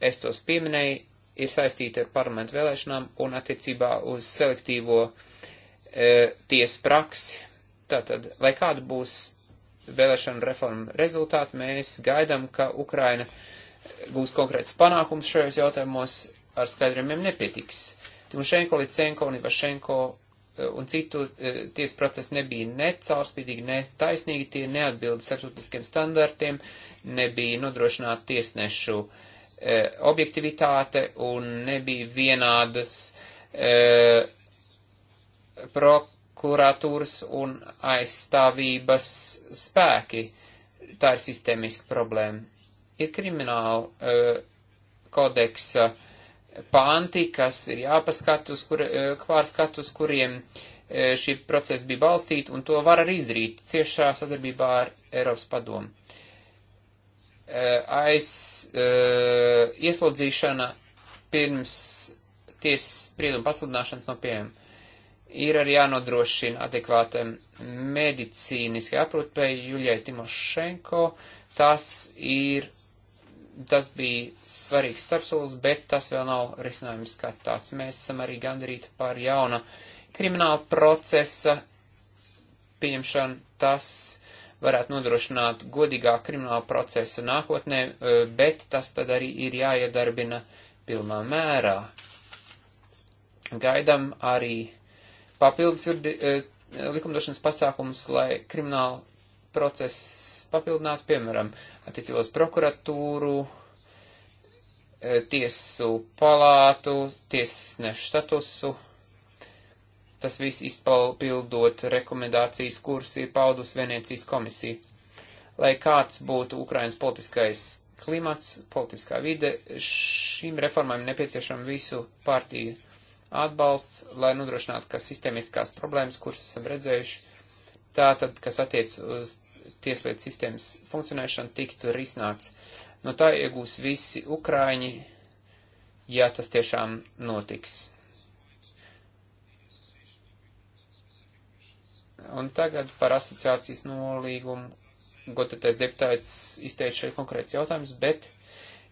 es tos pieminēju, ir saistīti ar parlamentu vēlēšanām un attiecībā uz selektīvo e, tiesu praksi. Tātad, lai kāda būs vēlēšana reforma rezultāti, mēs gaidām, ka Ukraina gūs konkrēts panākums šajos jautājumos, ar skaidrojumiem nepietiks. Timošenko, Licenko un Ivašenko eh, un citu eh, tiesu procesu nebija ne caurspīdīgi, ne taisnīgi, tie neatbilda starptautiskiem standartiem, nebija nodrošināta tiesnešu eh, objektivitāte un nebija vienādas prokuratūras un aizstāvības spēki. Tā ir sistēmiska problēma. Ir krimināla kodeksa uh, panti, kas ir jāpaskat, uz kur, eh, pārskat, uz kuriem eh, šī procesa bija balstīta, un to var arī izdarīt ciešā sadarbībā ar Eiropas padomu. Eh, aiz ieslodzīšana pirms tiesas sprieduma pasludināšanas no pieejama ir arī jānodrošina adekvāta medicīniskai aprūpei Juļai Timošenko. Tas ir Tas bija svarīgs starpsolis, bet tas vēl nav risinājums kā tāds. Mēs esam arī gandarīti par jauna krimināla procesa pieņemšanu. Tas varētu nodrošināt godīgā krimināla procesa nākotnē, eh, bet tas tad arī ir jāiedarbina pilnā mērā. Gaidam arī papildus eh, likumdošanas pasākums, lai krimināla procesu papildinātu, piemēram, attiecībos prokuratūru, e, tiesu palātu, tiesnešu statusu. Tas viss izpildot rekomendācijas, kuras ir paudus Venecijas komisija. Lai kāds būtu Ukrainas politiskais klimats, politiskā vide, šīm reformām nepieciešama visu partiju atbalsts, lai nodrošinātu, ka sistēmiskās problēmas, kuras esam redzējuši, tā tad, kas attiec uz tieslietu sistēmas funkcionēšanu, tiktu risināts. No tā iegūs visi ukraiņi, ja tas tiešām notiks. Un tagad par asociācijas nolīgumu. Gotatais deputāts izteica šeit konkrēts jautājums, bet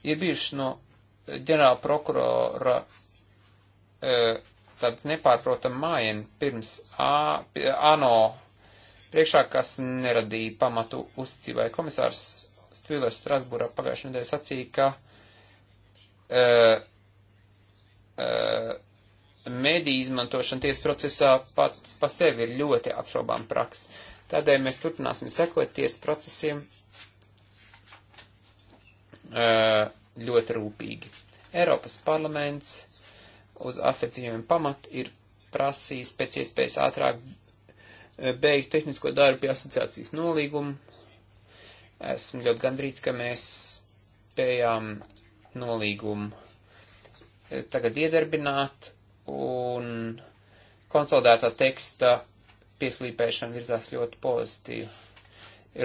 ir bijušas no ģenerāla prokurora eh, tāds nepārprotam mājienu pirms A, ANO priekšā, kas neradīja pamatu uzticībai. Komisārs Files Strasbūrā pagājušajā nedēļā sacīja, ka uh, uh, mediju izmantošana tiesas procesā pats pa sevi ir ļoti apšaubām praks. Tādēļ mēs turpināsim sekot tiesas procesiem uh, ļoti rūpīgi. Eiropas parlaments uz afecījumiem pamatu ir prasījis pēc iespējas ātrāk beigt tehnisko darbu pie asociācijas nolīguma. Esmu ļoti gandrīz, ka mēs spējām nolīgumu e, tagad iedarbināt un konsolidētā teksta pieslīpēšana virzās ļoti pozitīvi.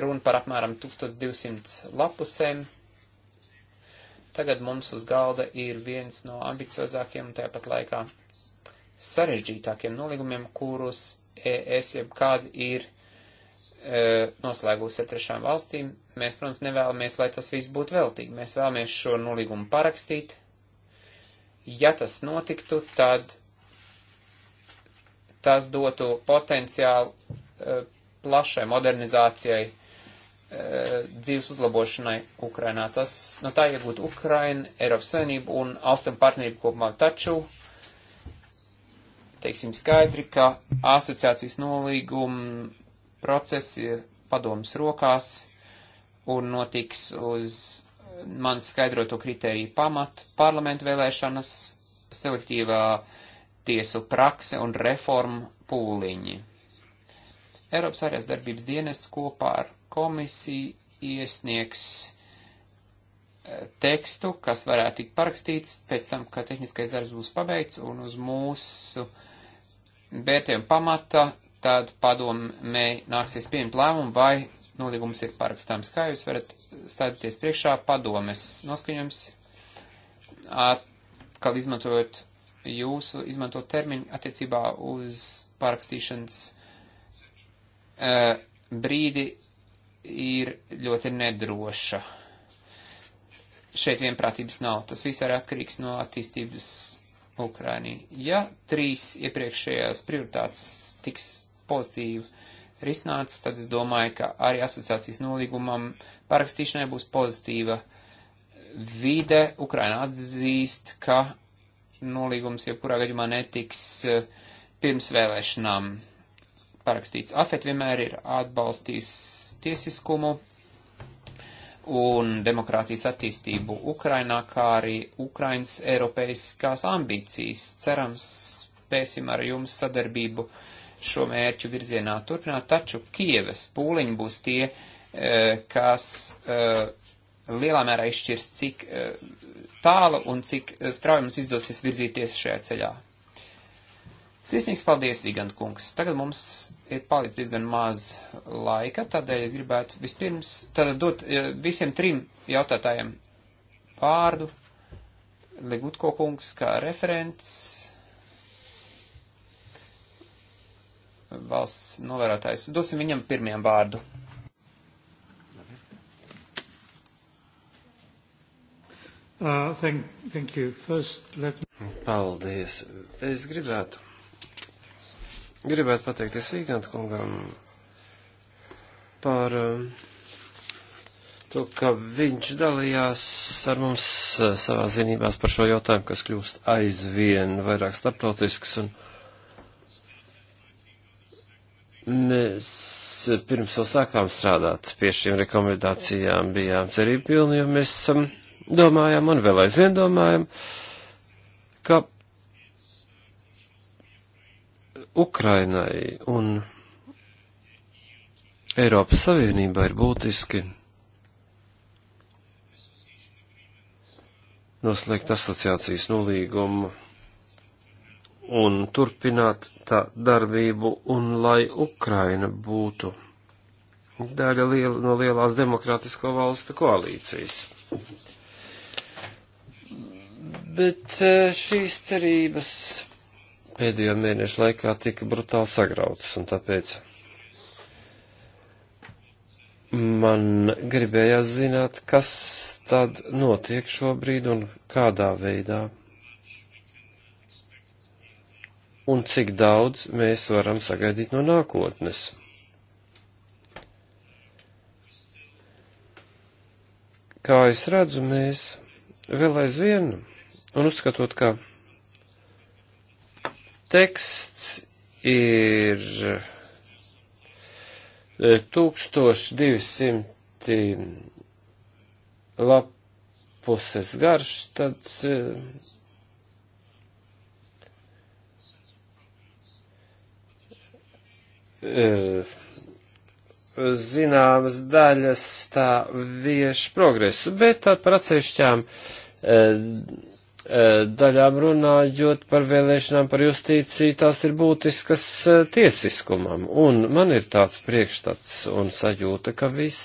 Runa par apmēram 1200 lapusēm. Tagad mums uz galda ir viens no ambiciozākiem un tāpat laikā sarežģītākiem nolīgumiem, kurus ES jeb kāda ir e, noslēgusi ar trešām valstīm. Mēs, protams, nevēlamies, lai tas viss būtu veltīgi. Mēs vēlamies šo nolīgumu parakstīt. Ja tas notiktu, tad tas dotu potenciālu e, plašai modernizācijai, e, dzīves uzlabošanai Ukrainā. Tas, no tā iegūtu Ukraina, Eiropas Savienība un Austrum partnerība kopumā taču. E, teiksim skaidri, ka asociācijas nolīguma process ir padomas rokās un notiks uz man skaidroto kritēriju pamatu parlamentu vēlēšanas, selektīvā tiesu prakse un reformu pūliņi. Eiropas ārējās darbības dienests kopā ar komisiju iesniegs tekstu, kas varētu tikt parakstīts pēc tam, kad tehniskais darbs būs pabeigts un uz mūsu vērtējumu pamata, tad padomē nāksies pieņemt lēmumu, vai nolīgums ir parakstāms. Kā jūs varat stādīties priekšā padomes noskaņojums, atkal izmantojot jūsu izmantot termiņu attiecībā uz pārakstīšanas uh, eh, brīdi ir ļoti nedroša. Uh, šeit vienprātības nav. Tas viss arī atkarīgs no attīstības Ukrainī. Ja trīs iepriekšējās prioritātes tiks pozitīvi risināts, tad es domāju, ka arī asociācijas nolīgumam parakstīšanai būs pozitīva vide. Ukraina atzīst, ka nolīgums jebkurā gadījumā netiks eh, pirms vēlēšanām parakstīts. Afet vienmēr ir atbalstījis tiesiskumu un demokrātijas attīstību Ukrainā, kā arī Ukrainas eiropeiskās ambīcijas. Cerams, spēsim ar jums sadarbību šo mērķu virzienā turpināt, taču Kievas pūliņi būs tie, eh, kas eh, lielā mērā izšķirs, cik eh, tālu un cik strauji mums izdosies virzīties šajā ceļā. Sirsnīgs paldies, Vigant kungs. Tagad mums ir palicis diezgan maz laika, tādēļ es gribētu vispirms tātad dot eh, visiem trim jautātājiem vārdu. Legutko kungs kā referents, valsts novērotājs. Dosim viņam pirmajam vārdu. Uh, thank, thank you. First, let me... Paldies. Es gribētu Gribētu pateikties Vīganta kungam par um, to, ka viņš dalījās ar mums uh, savā zinībās par šo jautājumu, kas kļūst aizvien vairāk starptautisks. Un mēs pirms vēl sākām strādāt pie šīm rekomendācijām, bijām cerību pilni, jo mēs um, domājām un vēl aizvien domājam, ka Ukrainai un Eiropas Savienībā ir būtiski noslēgt asociācijas nolīgumu un turpināt tā darbību, un lai Ukraina būtu daļa liela, no lielās demokrātisko valstu koalīcijas. Bet eh, šīs cerības pēdējo mēnešu laikā tika brutāli sagrautas, un tāpēc man gribējās zināt, kas tad notiek šobrīd un kādā veidā. Un cik daudz mēs varam sagaidīt no nākotnes. Kā es redzu, mēs vēl aizvien, un uzskatot, ka teksts ir 1200 e, lapuses garš, tad e, e, zināmas daļas tā vieš progresu, bet tad par atsevišķām E, daļām runājot par vēlēšanām par justīciju, tās ir būtiskas e, tiesiskumam. Un man ir tāds priekšstats un sajūta, ka viss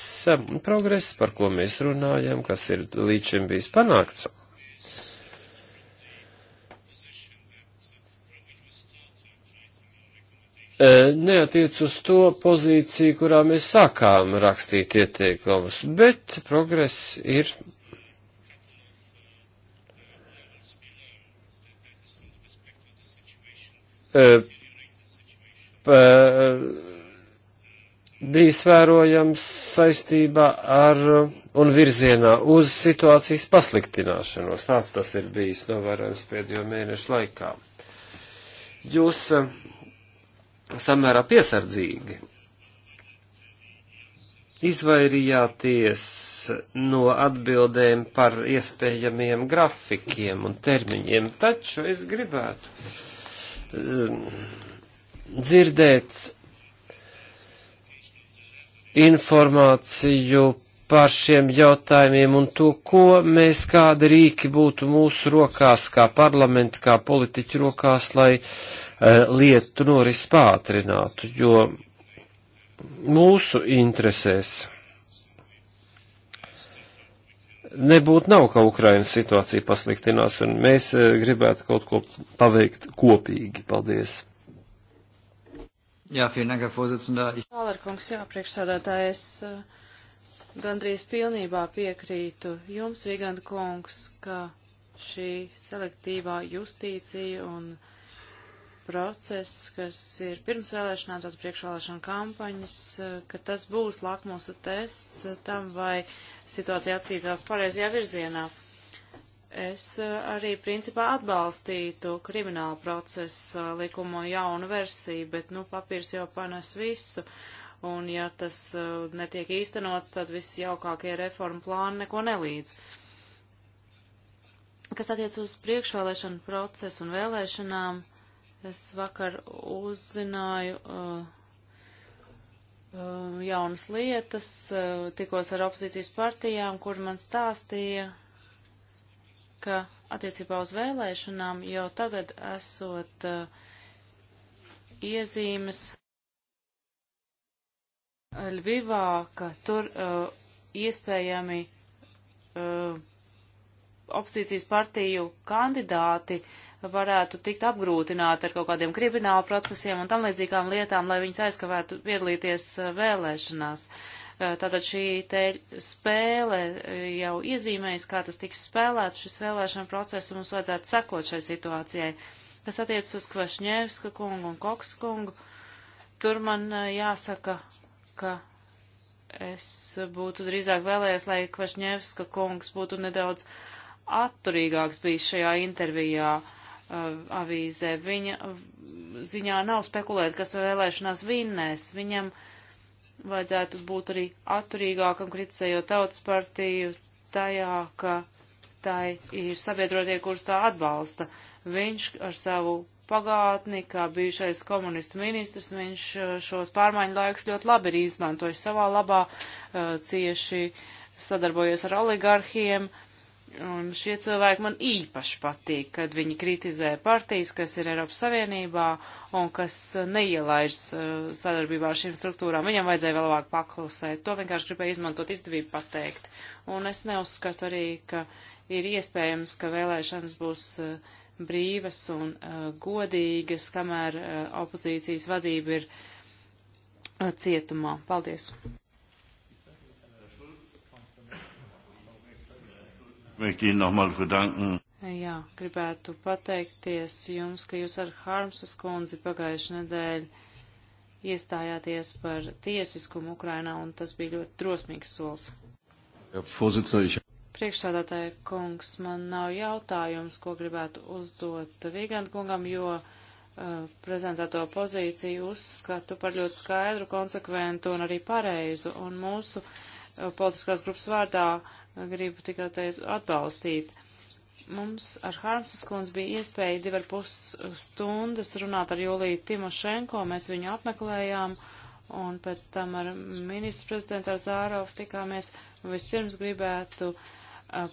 progress, par ko mēs runājam, kas ir līdz šim bijis panākts, e, neatiec uz to pozīciju, kurā mēs sākām rakstīt ieteikumus, bet progress ir E, bijis vērojams saistībā ar un virzienā uz situācijas pasliktināšanos. Tāds tas ir bijis novērojams pēdējo mēnešu laikā. Jūs e, samērā piesardzīgi izvairījāties no atbildēm par iespējamiem grafikiem un termiņiem, taču es gribētu Um, dzirdēt informāciju par šiem jautājumiem un to, ko mēs kādi rīki būtu mūsu rokās, kā parlamenta, kā politiķu rokās, lai uh, lietu noris pātrinātu, jo mūsu interesēs nebūtu nav, ka Ukrainas situācija pasliktinās, un mēs eh, gribētu kaut ko paveikt kopīgi. Paldies! Jā, Fienega, Fozicindā. Kālerkungs, jā, priekšsādātāji, es eh, gandrīz pilnībā piekrītu jums, Viganda kungs, ka šī selektīvā justīcija un process, kas ir pirms vēlēšanām, tad priekšvēlēšana kampaņas, ka tas būs lakmūsu tests tam, vai situācija atcīdzās pareizajā virzienā. Es eh, arī principā atbalstītu kriminālu procesu likumu jaunu versiju, bet, nu, papīrs jau panes visu, un ja tas eh, netiek īstenots, tad viss jaukākie reformu plāni neko nelīdz. Kas attiec uz priekšvēlēšanu procesu un vēlēšanām, Es vakar uzzināju uh, uh, jaunas lietas, uh, tikos ar opozīcijas partijām, kur man stāstīja, ka attiecībā uz vēlēšanām jau tagad esot uh, iezīmes Ļvivā, ka tur uh, iespējami uh, opozīcijas partiju kandidāti uh, varētu tikt apgrūtināti ar kaut kādiem kriminālu procesiem un tam līdzīgām lietām, lai viņas aizkavētu piedalīties eh, vēlēšanās. Eh, tātad šī te spēle eh, jau iezīmējas, kā tas tiks spēlēts šis vēlēšana process, un mums vajadzētu sekot šai situācijai. Kas attiecas uz Kvašņēvska kungu un Koks kungu, tur man jāsaka, ka es būtu drīzāk vēlējies, lai Kvašņevska kungs būtu nedaudz atturīgāks bijis šajā intervijā. Uh, avīzē. Viņa ziņā nav spekulēt, kas vēlēšanās vinnēs. Viņam vajadzētu būt arī atturīgākam kritizējot tautas partiju tajā, ka tai ir sabiedrotie, kurus tā atbalsta. Viņš ar savu pagātni, kā bijušais komunistu ministrs, viņš uh, šos pārmaiņu laikus ļoti labi ir izmantojis savā labā, uh, cieši sadarbojies ar oligarhiem, uh, Un šie cilvēki man īpaši patīk, kad viņi kritizē partijas, kas ir Eiropas Savienībā un kas neielaiž uh, sadarbībā ar šīm struktūrām. Viņam vajadzēja vēl labāk paklusēt. To vienkārši gribēju izmantot izdevību pateikt. Un es neuzskatu arī, ka ir iespējams, ka vēlēšanas būs uh, brīvas un uh, godīgas, kamēr opozīcijas vadība ir cietumā. Paldies! möchte Ihnen nochmal für danken. Jā, gribētu pateikties jums, ka jūs ar Harmsas kundzi pagājuši nedēļ iestājāties par tiesiskumu Ukrainā, un tas bija ļoti drosmīgs solis. Priekšsādātāja kungs, man nav jautājums, ko gribētu uzdot Vīganta kungam, jo uh, prezentēto pozīciju uzskatu par ļoti skaidru, konsekventu un arī pareizu, un mūsu uh, politiskās grupas vārdā uh, gribu tikai te atbalstīt. Mums ar Harmsas kundz bija iespēja divar pus stundas runāt ar Juliju Timošenko, mēs viņu apmeklējām, un pēc tam ar ministru prezidentu Zārovu tikāmies. Vispirms gribētu uh,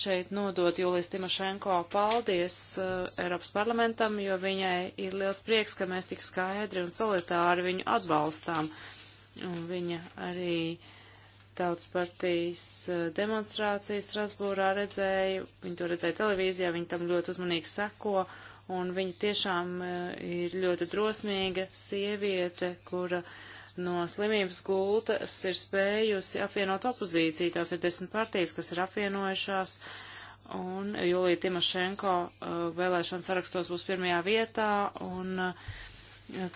šeit nodot Julijas Timošenko paldies uh, Eiropas parlamentam, jo viņai ir liels prieks, ka mēs tik skaidri un solitāri viņu atbalstām. Un viņa arī uh, tautas partijas eh, demonstrācijas Strasbūrā redzēju, viņi to redzēja televīzijā, viņi tam ļoti uzmanīgi seko, un viņa tiešām eh, ir ļoti drosmīga sieviete, kura no slimības gultas ir spējusi apvienot opozīciju. Tās ir desmit partijas, kas ir apvienojušās, un Julija Timošenko eh, vēlēšana sarakstos būs pirmajā vietā, un uh,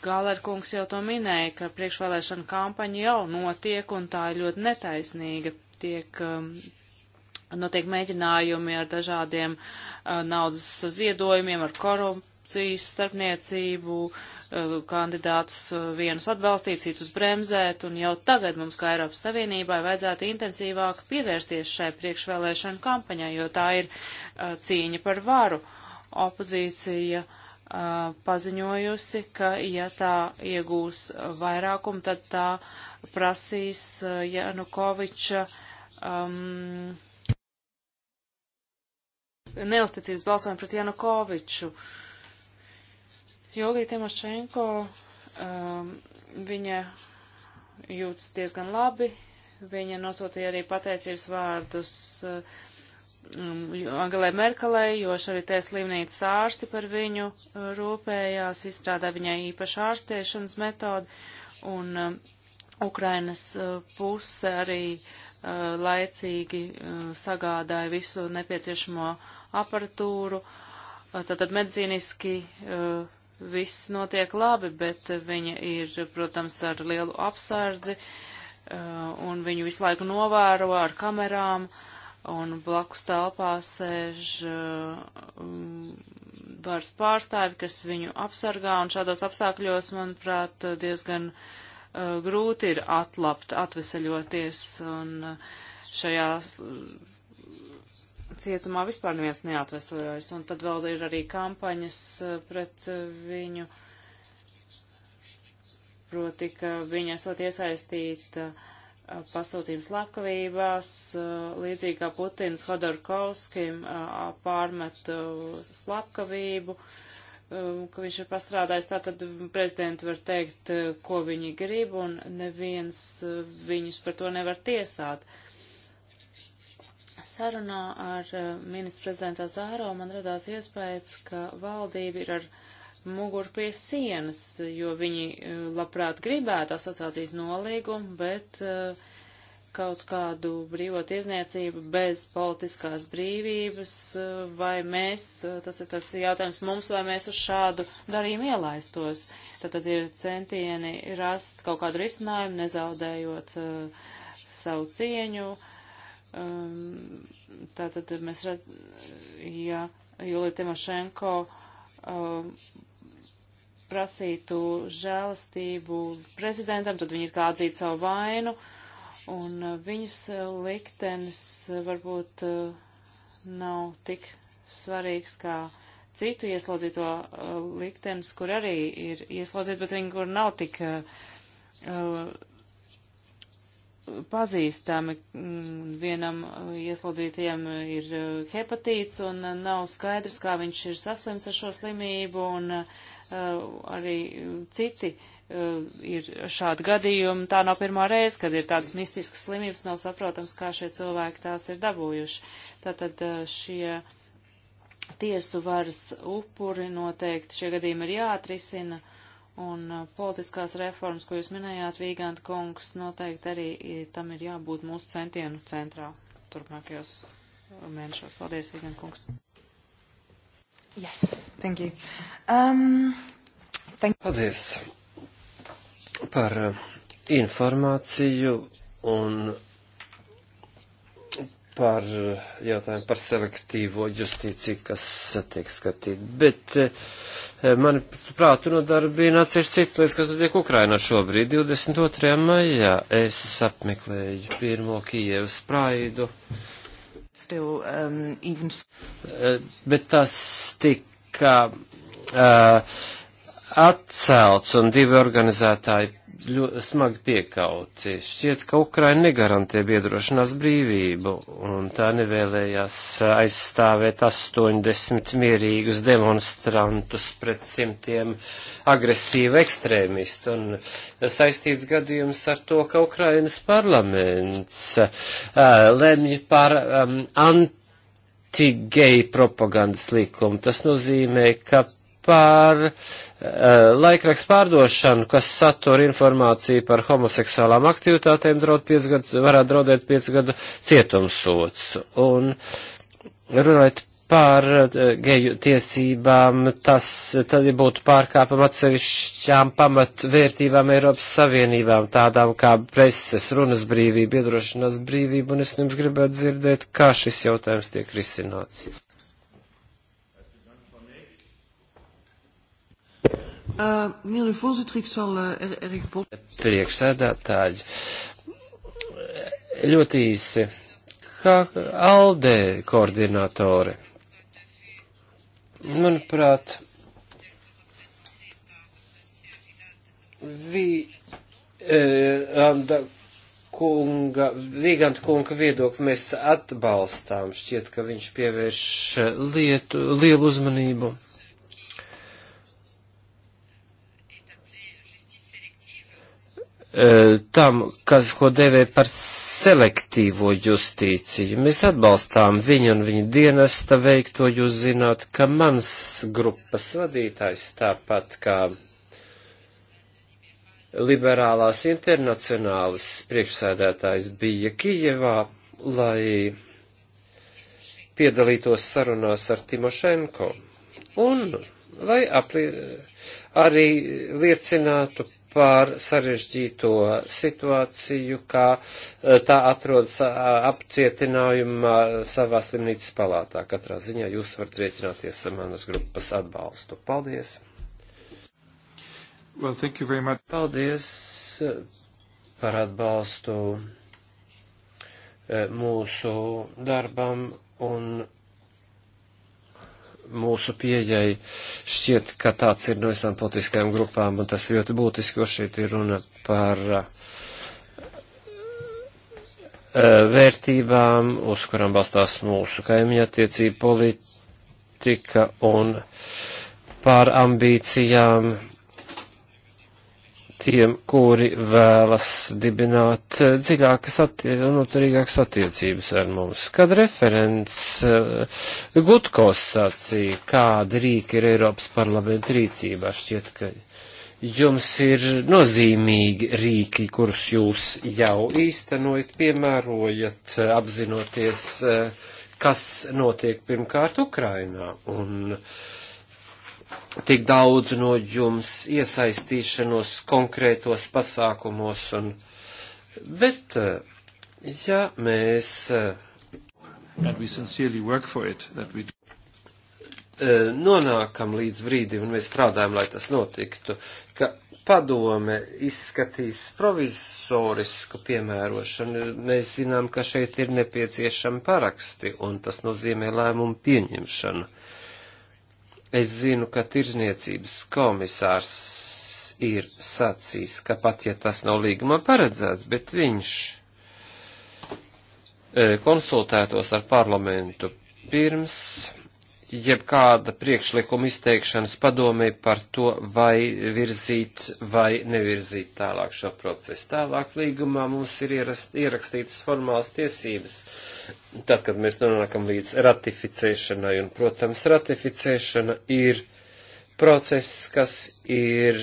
Galerkungs jau to minēja, ka priekšvēlēšana kampaņa jau notiek un tā ir ļoti netaisnīga. Tiek um, notiek mēģinājumi ar dažādiem uh, naudas ziedojumiem, ar korupcijas starpniecību, uh, kandidātus uh, vienus atbalstīt, citus bremzēt, un jau tagad mums kā Eiropas Savienībai vajadzētu intensīvāk pievērsties šai priekšvēlēšanu kampaņai, jo tā ir uh, cīņa par varu. Opozīcija uh, paziņojusi, ka ja tā iegūs vairākumu, tad tā prasīs Janukoviča um, neusticības balsojumu pret Janukoviču. Jolija Timošenko, um, viņa jūtas diezgan labi, viņa nosūtīja arī pateicības vārdus uh, Um, Angelē Merkelē, jo Šaritē slimnīcas ārsti par viņu uh, rūpējās, izstrādāja viņai īpašu ārstēšanas metodu, un um, Ukrainas uh, puse arī uh, laicīgi uh, sagādāja visu nepieciešamo aparatūru. Uh, Tātad medicīniski uh, viss notiek labi, bet viņa ir, protams, ar lielu apsardzi, un viņu visu laiku novēro ar kamerām. Uh, un blakus telpā sēž um, varas pārstāvi, kas viņu apsargā, un šādos apstākļos, manuprāt, diezgan uh, grūti ir atlapt, atveseļoties, un uh, šajā uh, cietumā vispār neviens neatveseļojas, un tad vēl ir arī kampaņas uh, pret viņu, proti, ka viņa esot iesaistīta uh, pasūtījums lakavībās, eh, līdzīgi kā Putins Hodorkovskim eh, pārmet eh, slepkavību, ka viņš ir pastrādājis. Tātad prezidenti var teikt, ko viņi grib, un neviens viņus par to nevar tiesāt. Sarunā ar ministru prezidentu Zāro man radās iespējas, ka valdība ir ar muguru pie sienas, jo viņi eh, labprāt gribētu asociācijas nolīgumu, bet eh, kaut kādu brīvo tiesniecību bez politiskās brīvības, eh, vai mēs, tas ir tāds jautājums mums, vai mēs uz šādu darījumu ielaistos. Tad ir centieni rast kaut kādu risinājumu, nezaudējot uh, savu cieņu. Um, tātad mēs redzam, ja Julija Timošenko um, prasītu žēlastību prezidentam, tad viņi ir kā atzīt savu vainu, un uh, viņas liktenis uh, varbūt uh, nav tik svarīgs kā citu ieslodzīto liktenis, kur arī ir ieslodzīti, bet viņi, kur nav tik uh, pazīstami. Mm, vienam ieslodzītajam ir hepatīts un nav skaidrs, kā viņš ir saslims ar šo slimību, un uh, Eh, arī mm, citi eh, ir šādi gadījumi. Tā nav pirmā reize, kad ir tādas mistiskas slimības, nav saprotams, kā šie cilvēki tās ir dabūjuši. Tātad eh, šie tiesu varas upuri noteikti šie gadījumi ir jāatrisina. Un politiskās reformas, ko jūs minējāt, Vīganta kungs, noteikti arī tam ir jābūt mūsu centienu centrā turpmākajos mēnešos. Paldies, Vīganta kungs! Yes, thank you. Um, thank Paldies par uh, informāciju un par uh, jautājumu par selektīvo justīciju, kas tiek skatīt. Bet uh, man prātu nodarbina atsevišķi cits lietas, kas tiek Ukrainā šobrīd. 22. maijā es apmeklēju pirmo Kievas praidu. Still, um, even... Eh, bet tas tika uh, atcelts un divi organizētāji ļoti smagi piekauti. Šķiet, ka Ukraina negarantē biedrošanās brīvību, un tā nevēlējās aizstāvēt 80 mierīgus demonstrantus pret simtiem agresīvu ekstrēmistu. Un saistīts gadījums ar to, ka Ukrainas parlaments uh, lemj par um, antigeju propagandas likumu. Tas nozīmē, ka par uh, laikrakstu pārdošanu, kas satura informāciju par homoseksuālām aktivitātēm, draud gadu, varētu draudēt 5 gadu cietumsots. Un runājot par eh, geju tiesībām, tas tad būtu pārkāpama atsevišķām pamatvērtībām Eiropas Savienībām, tādām kā preses, runas brīvība, iedrošinās brīvība, un es jums gribētu dzirdēt, kā šis jautājums tiek risināts. Eh, eh, er, er Priekšsēdētāji, ļoti īsi, kā Alde koordinātori. Manuprāt, vi, eh, Randa kunga, Viganta kunga viedokli mēs atbalstām, šķiet, ka viņš pievērš lietu, lielu uzmanību E, tam, kas, ko devē par selektīvo justīciju. Mēs atbalstām viņu un viņa dienesta veikto, jūs zināt, ka mans grupas vadītājs tāpat kā liberālās internacionālas priekšsēdētājs bija Kijevā, lai piedalītos sarunās ar Timošenko. Un lai aplie, arī liecinātu par sarežģīto situāciju, kā eh, tā atrodas apcietinājumā savā slimnīcas palātā. Katrā ziņā jūs varat rēķināties ar manas grupas atbalstu. Paldies! Well, thank you very much. Paldies eh, par atbalstu eh, mūsu darbam un mūsu pieejai šķiet, ka tāds ir no visām politiskajām grupām, un tas ir ļoti būtiski, jo šeit ir runa par uh, vērtībām, uz kurām balstās mūsu kaimiņa attiecība politika un par ambīcijām tiem, kuri vēlas dibināt dziļākas attie un noturīgākas attiecības ar mums. Kad referents uh, eh, Gutkos sacīja, kāda rīka ir Eiropas parlamenta rīcībā, šķiet, ka jums ir nozīmīgi rīki, kurus jūs jau īstenojat, piemērojat, apzinoties, uh, kas notiek pirmkārt Ukrainā. Un, uh, tik daudz no jums iesaistīšanos konkrētos pasākumos, un, bet, eh, ja mēs eh, it, we... Eh, nonākam līdz brīdim, un mēs strādājam, lai tas notiktu, ka padome izskatīs provizorisku piemērošanu, mēs zinām, ka šeit ir nepieciešami paraksti, un tas nozīmē lēmumu pieņemšanu. Uh, Es zinu, ka tirzniecības komisārs ir sacījis, ka pat ja tas nav līgumā paredzēts, bet viņš e, konsultētos ar parlamentu pirms jebkāda priekšlikuma izteikšanas padomē par to, vai virzīt vai nevirzīt tālāk šo procesu. Tālāk līgumā mums ir ierast, ierakstītas formālas tiesības tad, kad mēs nonākam līdz ratificēšanai, un, protams, ratificēšana ir process, kas ir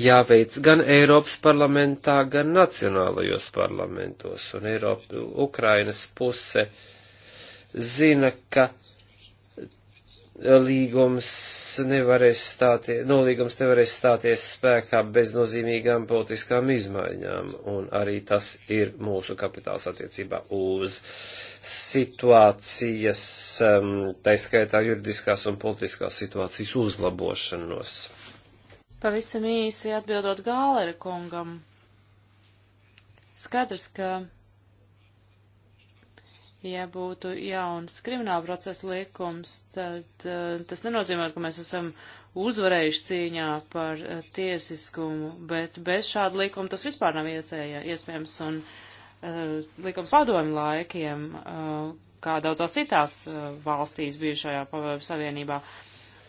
jāveic gan Eiropas parlamentā, gan nacionālajos parlamentos, un Eiropa, Ukrainas puse zina, ka līgums nevarēs stāties, nolīgums nu, nevarēs stāties spēkā bez nozīmīgām politiskām izmaiņām, un arī tas ir mūsu kapitāls attiecībā uz situācijas, um, taiskaitā juridiskās un politiskās situācijas uzlabošanos. Pavisam īsi atbildot Gālera kungam. Skaidrs, ka ja būtu jauns krimināla procesa likums, tad uh, tas nenozīmē, ka mēs esam uzvarējuši cīņā par uh, tiesiskumu, bet bez šāda likuma tas vispār nav iecēja, iespējams, un uh, likums padomu laikiem, kā daudzās citās valstīs bijušajā pavēlu savienībā.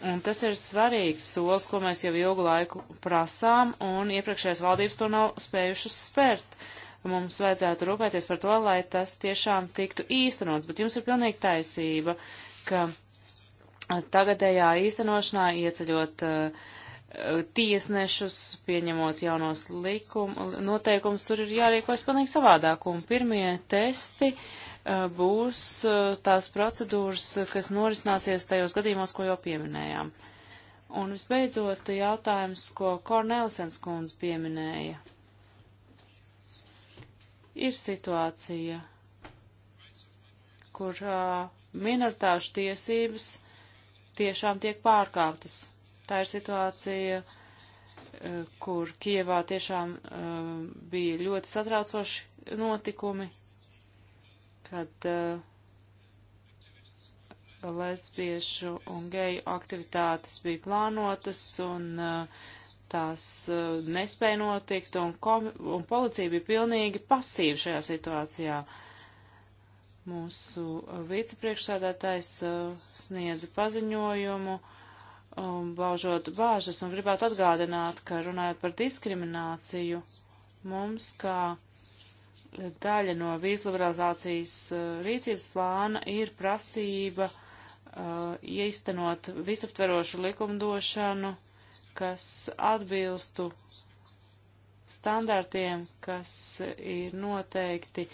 Un tas ir svarīgs solis, ko mēs jau ilgu laiku prasām, un iepriekšējās valdības to nav spējušas spērt. Uh, mums vajadzētu rūpēties par to, lai tas tiešām tiktu īstenots, bet jums ir pilnīgi taisība, ka tagadējā īstenošanā ieceļot uh, tiesnešus, pieņemot jaunos likumu, noteikumus, tur ir jārīkojas pilnīgi savādāk, un pirmie testi uh, būs uh, tās procedūras, kas norisināsies tajos gadījumos, ko jau pieminējām. Un visbeidzot jautājums, ko Kornelisens kundze pieminēja ir situācija, kur uh, minoritāšu tiesības tiešām tiek pārkāptas. Tā ir situācija, uh, kur Kievā tiešām uh, bija ļoti satraucoši notikumi, kad uh, lesbiešu un geju aktivitātes bija plānotas un uh, tās uh, nespēja notikt, un, kom, un policija bija pilnīgi pasīva šajā situācijā. Mūsu eh, vicepriekšsādātājs uh, eh, sniedza paziņojumu, um, baužot bāžas, un gribētu atgādināt, ka runājot par diskrimināciju, mums kā daļa no vīzliberalizācijas uh, rīcības plāna ir prasība uh, īstenot visaptverošu likumdošanu, uh, kas atbilstu standartiem, kas ir noteikti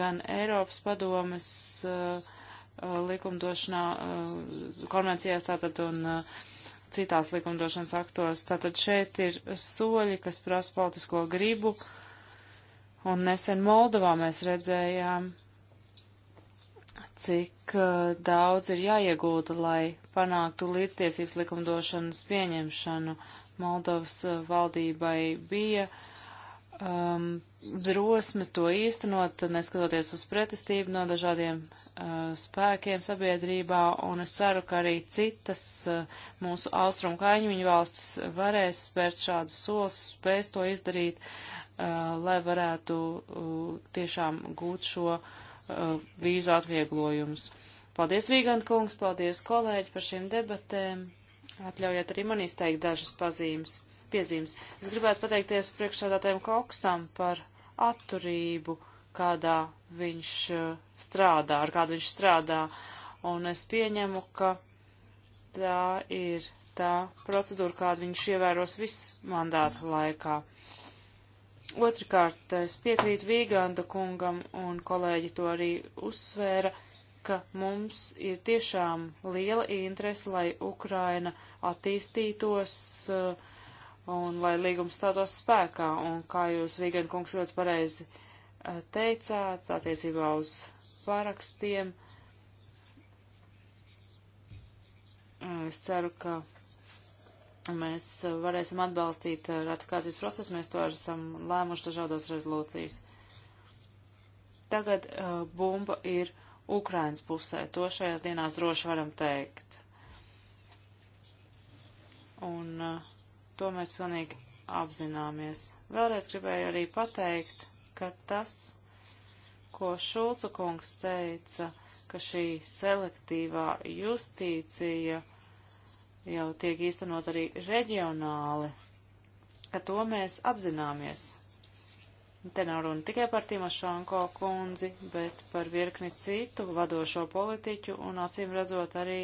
gan Eiropas padomes uh, uh, likumdošanā, uh, konvencijās tātad un uh, citās likumdošanas aktos. Tātad šeit ir soļi, kas prasa politisko gribu, un nesen Moldovā mēs redzējām, cik uh, daudz ir jāiegulda, lai panāktu līdztiesības likumdošanas pieņemšanu. Moldovas uh, valdībai bija um, drosme to īstenot, neskatoties uz pretestību no dažādiem uh, spēkiem sabiedrībā, un es ceru, ka arī citas uh, mūsu austrumu kaimiņu valstis varēs spērt šādus solus, spēs to izdarīt, uh, lai varētu uh, tiešām gūt šo uh, Uh, vīzu atvieglojumus. Paldies, Vīgant kungs, paldies, kolēģi, par šīm debatēm. Atļaujiet arī man izteikt dažas pazīmes, piezīmes. Es gribētu pateikties priekšsādātājiem Koksam par atturību, kādā viņš uh, strādā, ar kādu viņš strādā. Un es pieņemu, ka tā ir tā procedūra, kādu viņš ievēros visu mandātu laikā. Otrakārt, es piekrītu Vīganda kungam, un kolēģi to arī uzsvēra, ka mums ir tiešām liela interese, lai Ukraina attīstītos uh, un lai līgums stātos spēkā. Un kā jūs, Vīganda kungs, ļoti pareizi uh, teicāt, attiecībā uz parakstiem, uh, es ceru, ka mēs eh, varēsim atbalstīt eh, ratifikācijas procesu, mēs to esam lēmuši dažādās rezolūcijas. Tagad uh, bumba ir Ukrainas pusē, to šajās dienās droši varam teikt. Un uh, to mēs pilnīgi apzināmies. Vēlreiz gribēju arī pateikt, ka tas, ko Šulca kungs teica, ka šī selektīvā justīcija uh, jau tiek īstenot arī reģionāli, ka to mēs apzināmies. Te nav runa tikai par Timošanko kundzi, bet par virkni citu vadošo politiķu un acīm redzot arī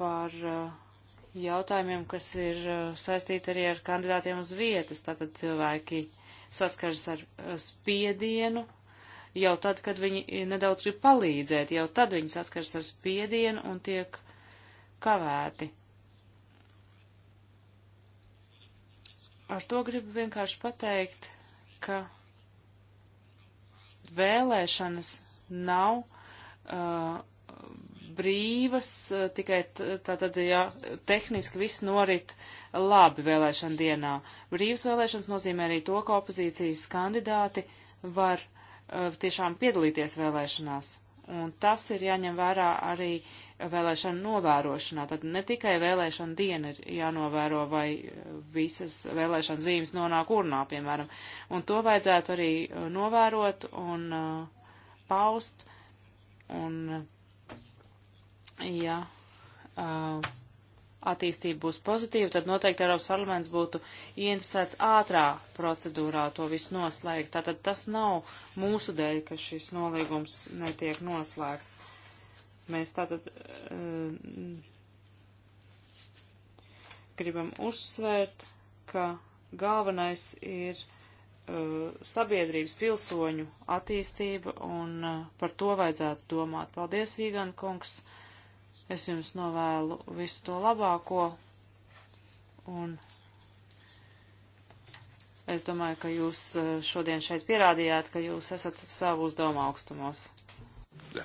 par uh, jautājumiem, kas ir uh, saistīti arī ar kandidātiem uz vietas. Tātad cilvēki saskaras ar uh, spiedienu jau tad, kad viņi nedaudz grib palīdzēt, jau tad viņi saskars ar spiedienu un tiek kavēti. Ar to gribu vienkārši pateikt, ka vēlēšanas nav uh, brīvas, uh, tikai tātad, ja tehniski viss norit labi vēlēšana dienā. Brīvas vēlēšanas nozīmē arī to, ka opozīcijas kandidāti var Uh, tiešām piedalīties vēlēšanās. Un tas ir jāņem vērā arī vēlēšana novērošanā. Tad ne tikai vēlēšana diena ir jānovēro, vai uh, visas vēlēšana zīmes nonāk urnā, piemēram. Un to vajadzētu arī uh, novērot un uh, paust. Un, uh, ja, uh, attīstība būs pozitīva, tad noteikti Eiropas parlaments būtu ieinteresēts ātrā procedūrā to visu noslēgt. Tātad tas nav mūsu dēļ, ka šis nolīgums netiek noslēgts. Mēs tātad uh, gribam uzsvērt, ka galvenais ir uh, sabiedrības pilsoņu attīstība un uh, par to vajadzētu domāt. Paldies, Vīgan kungs! Uh, Es jums novēlu visu to labāko un es domāju, ka jūs eh, šodien šeit pierādījāt, ka jūs esat savu uzdevumu augstumos. Ja,